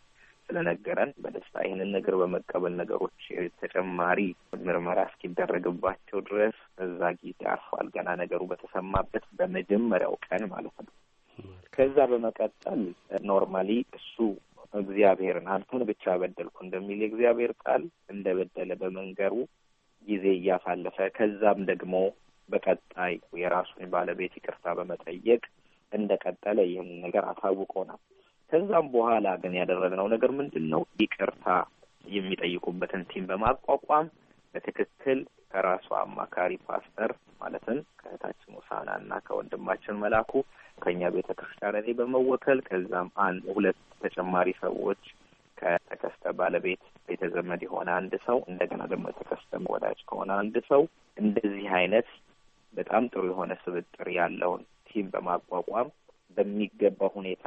ስለነገረን በደስታ ይህንን ነገር በመቀበል ነገሮች ተጨማሪ ምርመራ እስኪደረግባቸው ድረስ እዛ ጊዜ አርፏል። ገና ነገሩ በተሰማበት በመጀመሪያው ቀን ማለት ነው። ከዛ በመቀጠል ኖርማሊ እሱ እግዚአብሔርን አንተን ብቻ በደልኩ እንደሚል የእግዚአብሔር ቃል እንደበደለ በመንገሩ ጊዜ እያሳለፈ ከዛም ደግሞ በቀጣይ የራሱን ባለቤት ይቅርታ በመጠየቅ እንደቀጠለ ይህን ነገር አሳውቆናል። ከዛም በኋላ ግን ያደረግነው ነገር ምንድን ነው? ይቅርታ የሚጠይቁበትን ቲም በማቋቋም በትክክል ከራሱ አማካሪ ፓስተር ማለትም ከእህታችን ውሳና እና ከወንድማችን መላኩ ከእኛ ቤተ ክርስቲያን እኔ በመወከል ከዛም አንድ ሁለት ተጨማሪ ሰዎች ከተከስተ ባለቤት ቤተ የሆነ አንድ ሰው እንደገና ደግሞ የተከስተ ወዳጅ ከሆነ አንድ ሰው እንደዚህ አይነት በጣም ጥሩ የሆነ ስብጥር ያለውን ቲም በማቋቋም በሚገባ ሁኔታ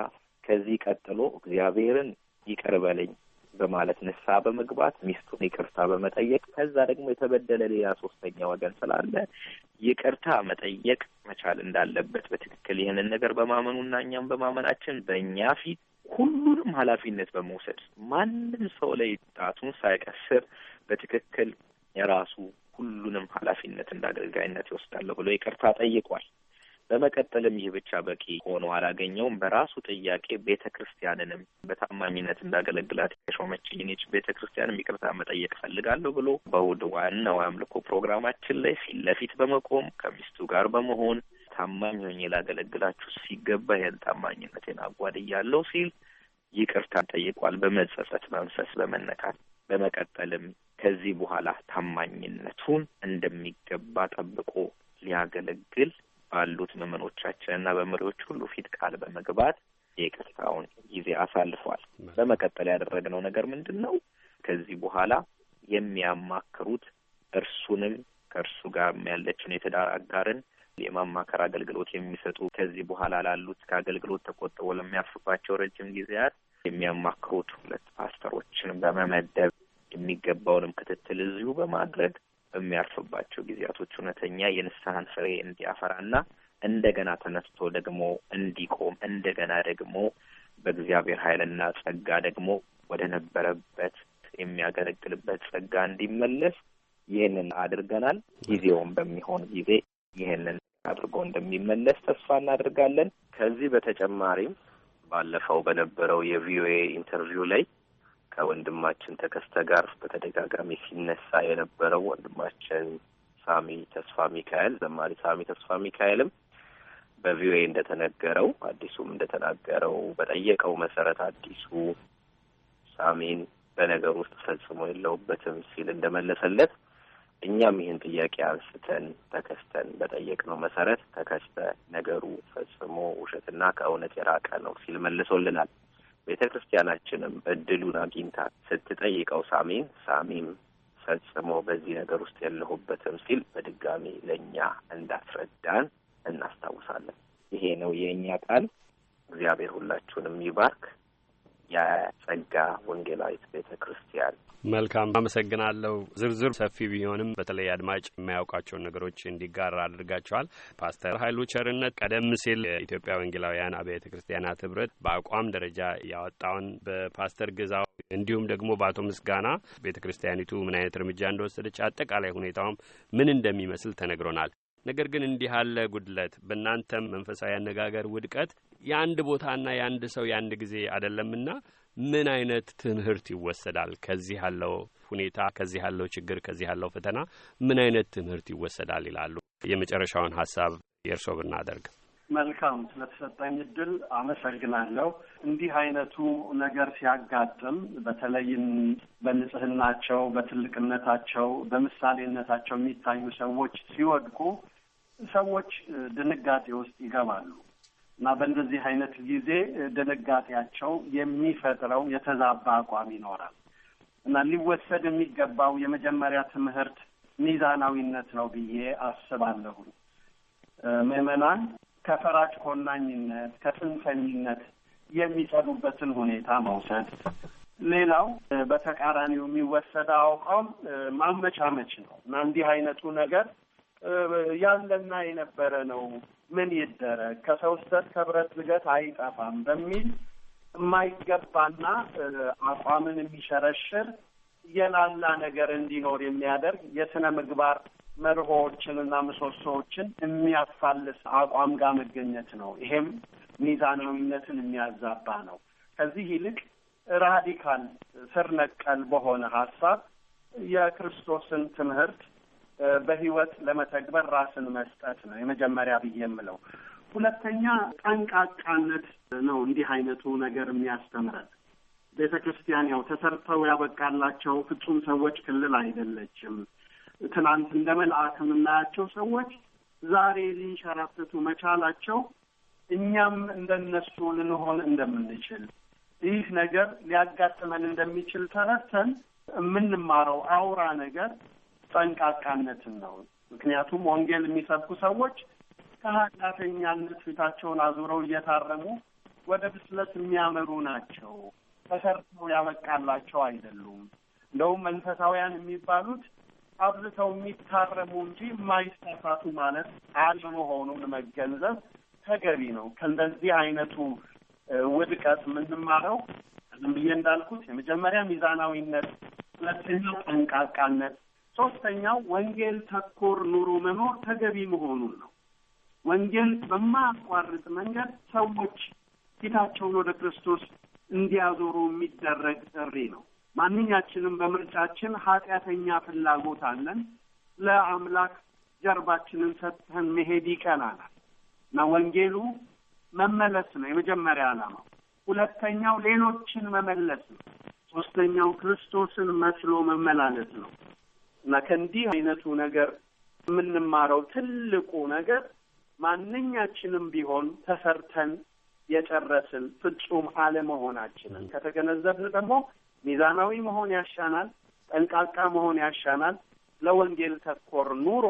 ከዚህ ቀጥሎ እግዚአብሔርን ይቅር በለኝ በማለት ንስሐ በመግባት ሚስቱን ይቅርታ በመጠየቅ ከዛ ደግሞ የተበደለ ሌላ ሶስተኛ ወገን ስላለ ይቅርታ መጠየቅ መቻል እንዳለበት በትክክል ይህንን ነገር በማመኑና እኛም በማመናችን በእኛ ፊት ሁሉንም ኃላፊነት በመውሰድ ማንም ሰው ላይ ጣቱን ሳይቀስር በትክክል የራሱ ሁሉንም ኃላፊነት አገልጋይነት ይወስዳለሁ ብሎ ይቅርታ ጠይቋል። በመቀጠልም ይህ ብቻ በቂ ሆኖ አላገኘውም። በራሱ ጥያቄ ቤተ ክርስቲያንንም በታማኝነት እንዳገለግላት የሾመችኝን ቤተ ክርስቲያንም ይቅርታ መጠየቅ ፈልጋለሁ ብሎ በእሑድ ዋናው አምልኮ ፕሮግራማችን ላይ ፊት ለፊት በመቆም ከሚስቱ ጋር በመሆን ታማኝ ሆኜ ላገለግላችሁ ሲገባ ይህን ታማኝነቴን አጓድያለሁ ሲል ይቅርታ ጠይቋል። በመጸጸት መንፈስ በመነካት በመቀጠልም ከዚህ በኋላ ታማኝነቱን እንደሚገባ ጠብቆ ሊያገለግል ባሉት ምዕመኖቻችንና በመሪዎች ሁሉ ፊት ቃል በመግባት የይቅርታውን ጊዜ አሳልፏል። በመቀጠል ያደረግነው ነገር ምንድን ነው? ከዚህ በኋላ የሚያማክሩት እርሱንም ከእርሱ ጋር ያለችውን የትዳር አጋርን የማማከር አገልግሎት የሚሰጡ ከዚህ በኋላ ላሉት ከአገልግሎት ተቆጥቦ ለሚያርፍባቸው ረጅም ጊዜያት የሚያማክሩት ሁለት ፓስተሮችን በመመደብ የሚገባውንም ክትትል እዚሁ በማድረግ በሚያርፍባቸው ጊዜያቶች እውነተኛ የንስሐን ፍሬ እንዲያፈራና እንደገና ተነስቶ ደግሞ እንዲቆም እንደገና ደግሞ በእግዚአብሔር ኃይልና ጸጋ ደግሞ ወደ ነበረበት የሚያገለግልበት ጸጋ እንዲመለስ ይህንን አድርገናል። ጊዜውን በሚሆን ጊዜ ይህንን አድርጎ እንደሚመለስ ተስፋ እናደርጋለን። ከዚህ በተጨማሪም ባለፈው በነበረው የቪኦኤ ኢንተርቪው ላይ ከወንድማችን ተከስተ ጋር በተደጋጋሚ ሲነሳ የነበረው ወንድማችን ሳሚ ተስፋ ሚካኤል ዘማሪ ሳሚ ተስፋ ሚካኤልም በቪኦኤ እንደተነገረው አዲሱም እንደተናገረው በጠየቀው መሰረት አዲሱ ሳሚን በነገር ውስጥ ፈጽሞ የለውበትም ሲል እንደመለሰለት እኛም ይህን ጥያቄ አንስተን ተከስተን በጠየቅነው መሰረት ተከስተ ነገሩ ፈጽሞ ውሸትና ከእውነት የራቀ ነው ሲል መልሶልናል። ቤተ ክርስቲያናችንም እድሉን አግኝታ ስትጠይቀው ሳሚን ሳሚም ፈጽሞ በዚህ ነገር ውስጥ የለሁበትም ሲል በድጋሚ ለእኛ እንዳስረዳን እናስታውሳለን። ይሄ ነው የእኛ ቃል። እግዚአብሔር ሁላችሁንም ይባርክ። የጸጋ ወንጌላዊት ቤተ ክርስቲያን መልካም አመሰግናለሁ። ዝርዝር ሰፊ ቢሆንም በተለይ አድማጭ የማያውቃቸውን ነገሮች እንዲጋራ አድርጋቸዋል። ፓስተር ኃይሉ ቸርነት ቀደም ሲል የኢትዮጵያ ወንጌላውያን አብያተ ክርስቲያናት ህብረት በአቋም ደረጃ ያወጣውን በፓስተር ግዛው እንዲሁም ደግሞ በአቶ ምስጋና ቤተ ክርስቲያኒቱ ምን አይነት እርምጃ እንደወሰደች አጠቃላይ ሁኔታውም ምን እንደሚመስል ተነግሮናል። ነገር ግን እንዲህ ያለ ጉድለት በእናንተም መንፈሳዊ አነጋገር ውድቀት የአንድ ቦታና የአንድ ሰው የአንድ ጊዜ አይደለምና ምን አይነት ትምህርት ይወሰዳል? ከዚህ ያለው ሁኔታ፣ ከዚህ ያለው ችግር፣ ከዚህ ያለው ፈተና ምን አይነት ትምህርት ይወሰዳል ይላሉ? የመጨረሻውን ሀሳብ የእርሶ ብናደርግ። መልካም፣ ስለተሰጠኝ እድል አመሰግናለሁ። እንዲህ አይነቱ ነገር ሲያጋጥም በተለይም በንጽህናቸው፣ በትልቅነታቸው፣ በምሳሌነታቸው የሚታዩ ሰዎች ሲወድቁ ሰዎች ድንጋጤ ውስጥ ይገባሉ። እና በእንደዚህ አይነት ጊዜ ድንጋጤያቸው የሚፈጥረው የተዛባ አቋም ይኖራል እና ሊወሰድ የሚገባው የመጀመሪያ ትምህርት ሚዛናዊነት ነው ብዬ አስባለሁ። ምዕመናን ከፈራጭ ኮናኝነት፣ ከጽንፈኝነት የሚጸዱበትን ሁኔታ መውሰድ። ሌላው በተቃራኒው የሚወሰደው አቋም ማመቻመች ነው እና እንዲህ አይነቱ ነገር ያለና የነበረ ነው። ምን ይደረግ ከሰው ስህተት ከብረት ዝገት አይጠፋም በሚል የማይገባና አቋምን የሚሸረሽር የላላ ነገር እንዲኖር የሚያደርግ የስነ ምግባር መርሆዎችንና ምሰሶዎችን የሚያፋልስ አቋም ጋር መገኘት ነው። ይሄም ሚዛናዊነትን የሚያዛባ ነው። ከዚህ ይልቅ ራዲካል ስር ነቀል በሆነ ሀሳብ የክርስቶስን ትምህርት በህይወት ለመተግበር ራስን መስጠት ነው የመጀመሪያ ብዬ የምለው። ሁለተኛ ጠንቃቃነት ነው እንዲህ አይነቱ ነገር የሚያስተምረን። ቤተ ክርስቲያን ያው ተሰርተው ያበቃላቸው ፍጹም ሰዎች ክልል አይደለችም። ትናንት እንደ መልአክ የምናያቸው ሰዎች ዛሬ ሊንሸራተቱ መቻላቸው እኛም እንደነሱ ልንሆን እንደምንችል ይህ ነገር ሊያጋጥመን እንደሚችል ተረድተን የምንማረው አውራ ነገር ጠንቃቃነትን ነው። ምክንያቱም ወንጌል የሚሰብኩ ሰዎች ከኃጢአተኛነት ፊታቸውን አዙረው እየታረሙ ወደ ብስለት የሚያመሩ ናቸው። ተሰርተው ያበቃላቸው አይደሉም። እንደውም መንፈሳውያን የሚባሉት አብዝተው የሚታረሙ እንጂ የማይሳሳቱ ማለት አለመሆኑን መገንዘብ ተገቢ ነው። ከእንደዚህ አይነቱ ውድቀት የምንማረው ዝም ብዬ እንዳልኩት የመጀመሪያ ሚዛናዊነት፣ ሁለተኛው ጠንቃቃነት፣ ሶስተኛው ወንጌል ተኮር ኑሮ መኖር ተገቢ መሆኑን ነው። ወንጌል በማያቋርጥ መንገድ ሰዎች ፊታቸውን ወደ ክርስቶስ እንዲያዞሩ የሚደረግ ጥሪ ነው። ማንኛችንም በምርጫችን ኃጢአተኛ ፍላጎት አለን። ለአምላክ ጀርባችንን ሰጥተን መሄድ ይቀናናል እና ወንጌሉ መመለስ ነው የመጀመሪያ ዓላማው። ሁለተኛው ሌሎችን መመለስ ነው። ሶስተኛው ክርስቶስን መስሎ መመላለስ ነው። እና ከእንዲህ አይነቱ ነገር የምንማረው ትልቁ ነገር ማንኛችንም ቢሆን ተሰርተን የጨረስን ፍጹም አለመሆናችንን ከተገነዘብን ደግሞ ሚዛናዊ መሆን ያሻናል፣ ጠንቃቃ መሆን ያሻናል። ለወንጌል ተኮር ኑሮ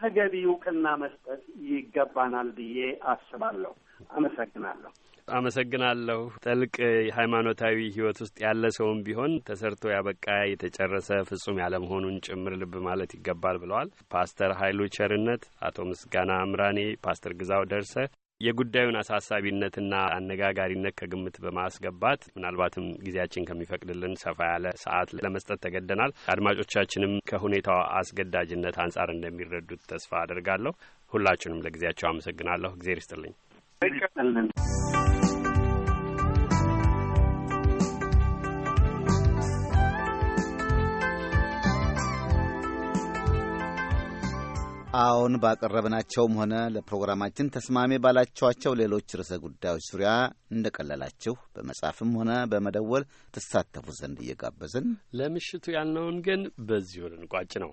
ተገቢ እውቅና መስጠት ይገባናል ብዬ አስባለሁ። አመሰግናለሁ። አመሰግናለሁ። ጥልቅ ሃይማኖታዊ ህይወት ውስጥ ያለ ሰውም ቢሆን ተሰርቶ ያበቃ የተጨረሰ ፍጹም ያለመሆኑን ጭምር ልብ ማለት ይገባል ብለዋል ፓስተር ኃይሉ ቸርነት፣ አቶ ምስጋና አምራኔ፣ ፓስተር ግዛው ደርሰ የጉዳዩን አሳሳቢነትና አነጋጋሪነት ከግምት በማስገባት ምናልባትም ጊዜያችን ከሚፈቅድልን ሰፋ ያለ ሰዓት ለመስጠት ተገደናል። አድማጮቻችንም ከሁኔታው አስገዳጅነት አንጻር እንደሚረዱት ተስፋ አድርጋለሁ። ሁላችሁንም ለጊዜያቸው አመሰግናለሁ። እግዜር ይስጥልኝ። አሁን ባቀረብናቸውም ሆነ ለፕሮግራማችን ተስማሚ ባላችኋቸው ሌሎች ርዕሰ ጉዳዮች ዙሪያ እንደቀለላችሁ በመጻፍም ሆነ በመደወል ትሳተፉ ዘንድ እየጋበዝን ለምሽቱ ያልነውን ግን በዚሁ ልንቋጭ ነው።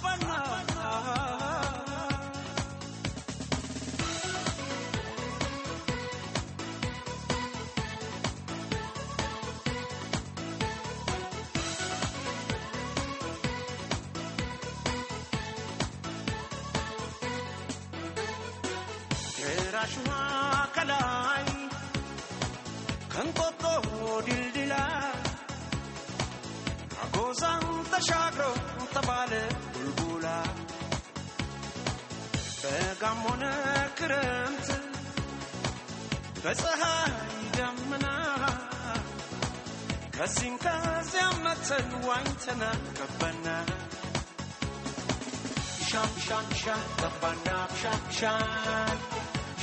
笨啊！ከፀሐይ ደመና ከዚህም ከዚያም መተን ዋኝተና ገባና ሻም ሻም ሻም ገባና ሻም ሻም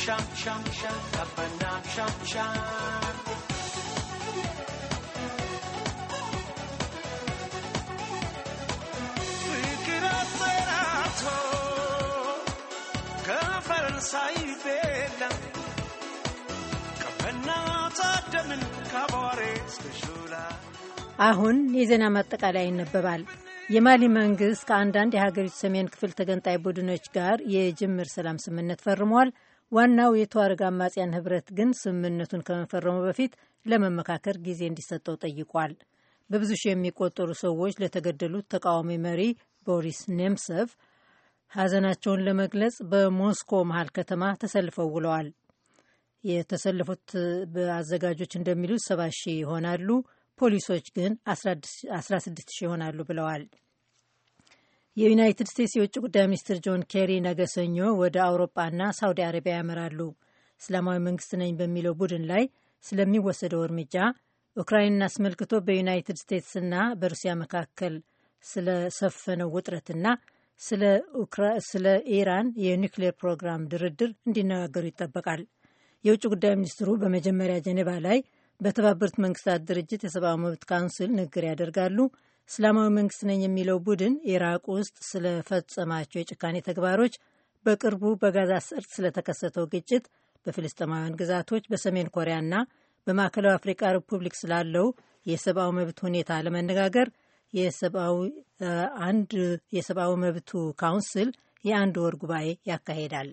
ሻም ሻም ሻም ገባና ሻም ሻም አሁን የዜና ማጠቃለያ ይነበባል። የማሊ መንግስት ከአንዳንድ የሀገሪቱ ሰሜን ክፍል ተገንጣይ ቡድኖች ጋር የጅምር ሰላም ስምምነት ፈርሟል። ዋናው የተዋርግ አማጽያን ህብረት ግን ስምምነቱን ከመፈረሙ በፊት ለመመካከር ጊዜ እንዲሰጠው ጠይቋል። በብዙ ሺህ የሚቆጠሩ ሰዎች ለተገደሉት ተቃዋሚ መሪ ቦሪስ ኔምሰቭ ሀዘናቸውን ለመግለጽ በሞስኮ መሀል ከተማ ተሰልፈው ውለዋል። የተሰለፉት አዘጋጆች እንደሚሉት ሰባ ሺህ ይሆናሉ። ፖሊሶች ግን 16 ይሆናሉ ብለዋል። የዩናይትድ ስቴትስ የውጭ ጉዳይ ሚኒስትር ጆን ኬሪ ነገ ሰኞ ወደ አውሮፓና ሳውዲ አረቢያ ያመራሉ። እስላማዊ መንግስት ነኝ በሚለው ቡድን ላይ ስለሚወሰደው እርምጃ፣ ኡክራይንን አስመልክቶ በዩናይትድ ስቴትስና በሩሲያ መካከል ስለሰፈነው ውጥረትና ስለ ኢራን የኒውክሌር ፕሮግራም ድርድር እንዲነጋገሩ ይጠበቃል። የውጭ ጉዳይ ሚኒስትሩ በመጀመሪያ ጀኔባ ላይ በተባበሩት መንግስታት ድርጅት የሰብአዊ መብት ካውንስል ንግግር ያደርጋሉ። እስላማዊ መንግስት ነኝ የሚለው ቡድን ኢራቅ ውስጥ ስለፈጸማቸው የጭካኔ ተግባሮች፣ በቅርቡ በጋዛ ሰርጥ ስለተከሰተው ግጭት፣ በፍልስጤማውያን ግዛቶች፣ በሰሜን ኮሪያና በማዕከላዊ አፍሪካ ሪፑብሊክ ስላለው የሰብአዊ መብት ሁኔታ ለመነጋገር የሰብአዊ መብቱ ካውንስል የአንድ ወር ጉባኤ ያካሂዳል።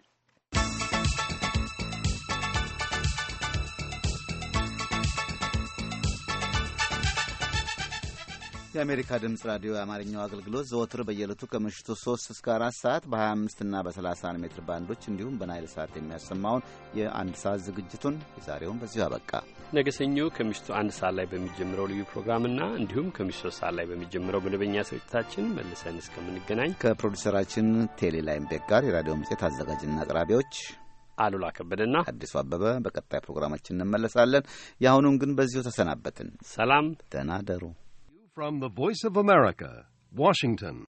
የአሜሪካ ድምፅ ራዲዮ የአማርኛው አገልግሎት ዘወትር በየዕለቱ ከምሽቱ 3 እስከ 4 ሰዓት በ25 እና በ30 ሜትር ባንዶች እንዲሁም በናይል ሰዓት የሚያሰማውን የአንድ ሰዓት ዝግጅቱን የዛሬውን በዚሁ አበቃ። ነገ ሰኞ ከምሽቱ አንድ ሰዓት ላይ በሚጀምረው ልዩ ፕሮግራምና እንዲሁም ከምሽቱ 3 ሰዓት ላይ በሚጀምረው መደበኛ ስርጭታችን መልሰን እስከምንገናኝ ከፕሮዲሰራችን ቴሌ ላይምቤክ ጋር የራዲዮ መጽሔት አዘጋጅና አቅራቢዎች አሉላ ከበደና አዲሱ አበበ በቀጣይ ፕሮግራማችን እንመለሳለን። የአሁኑን ግን በዚሁ ተሰናበትን። ሰላም፣ ደህና ደሩ። From the Voice of America, Washington.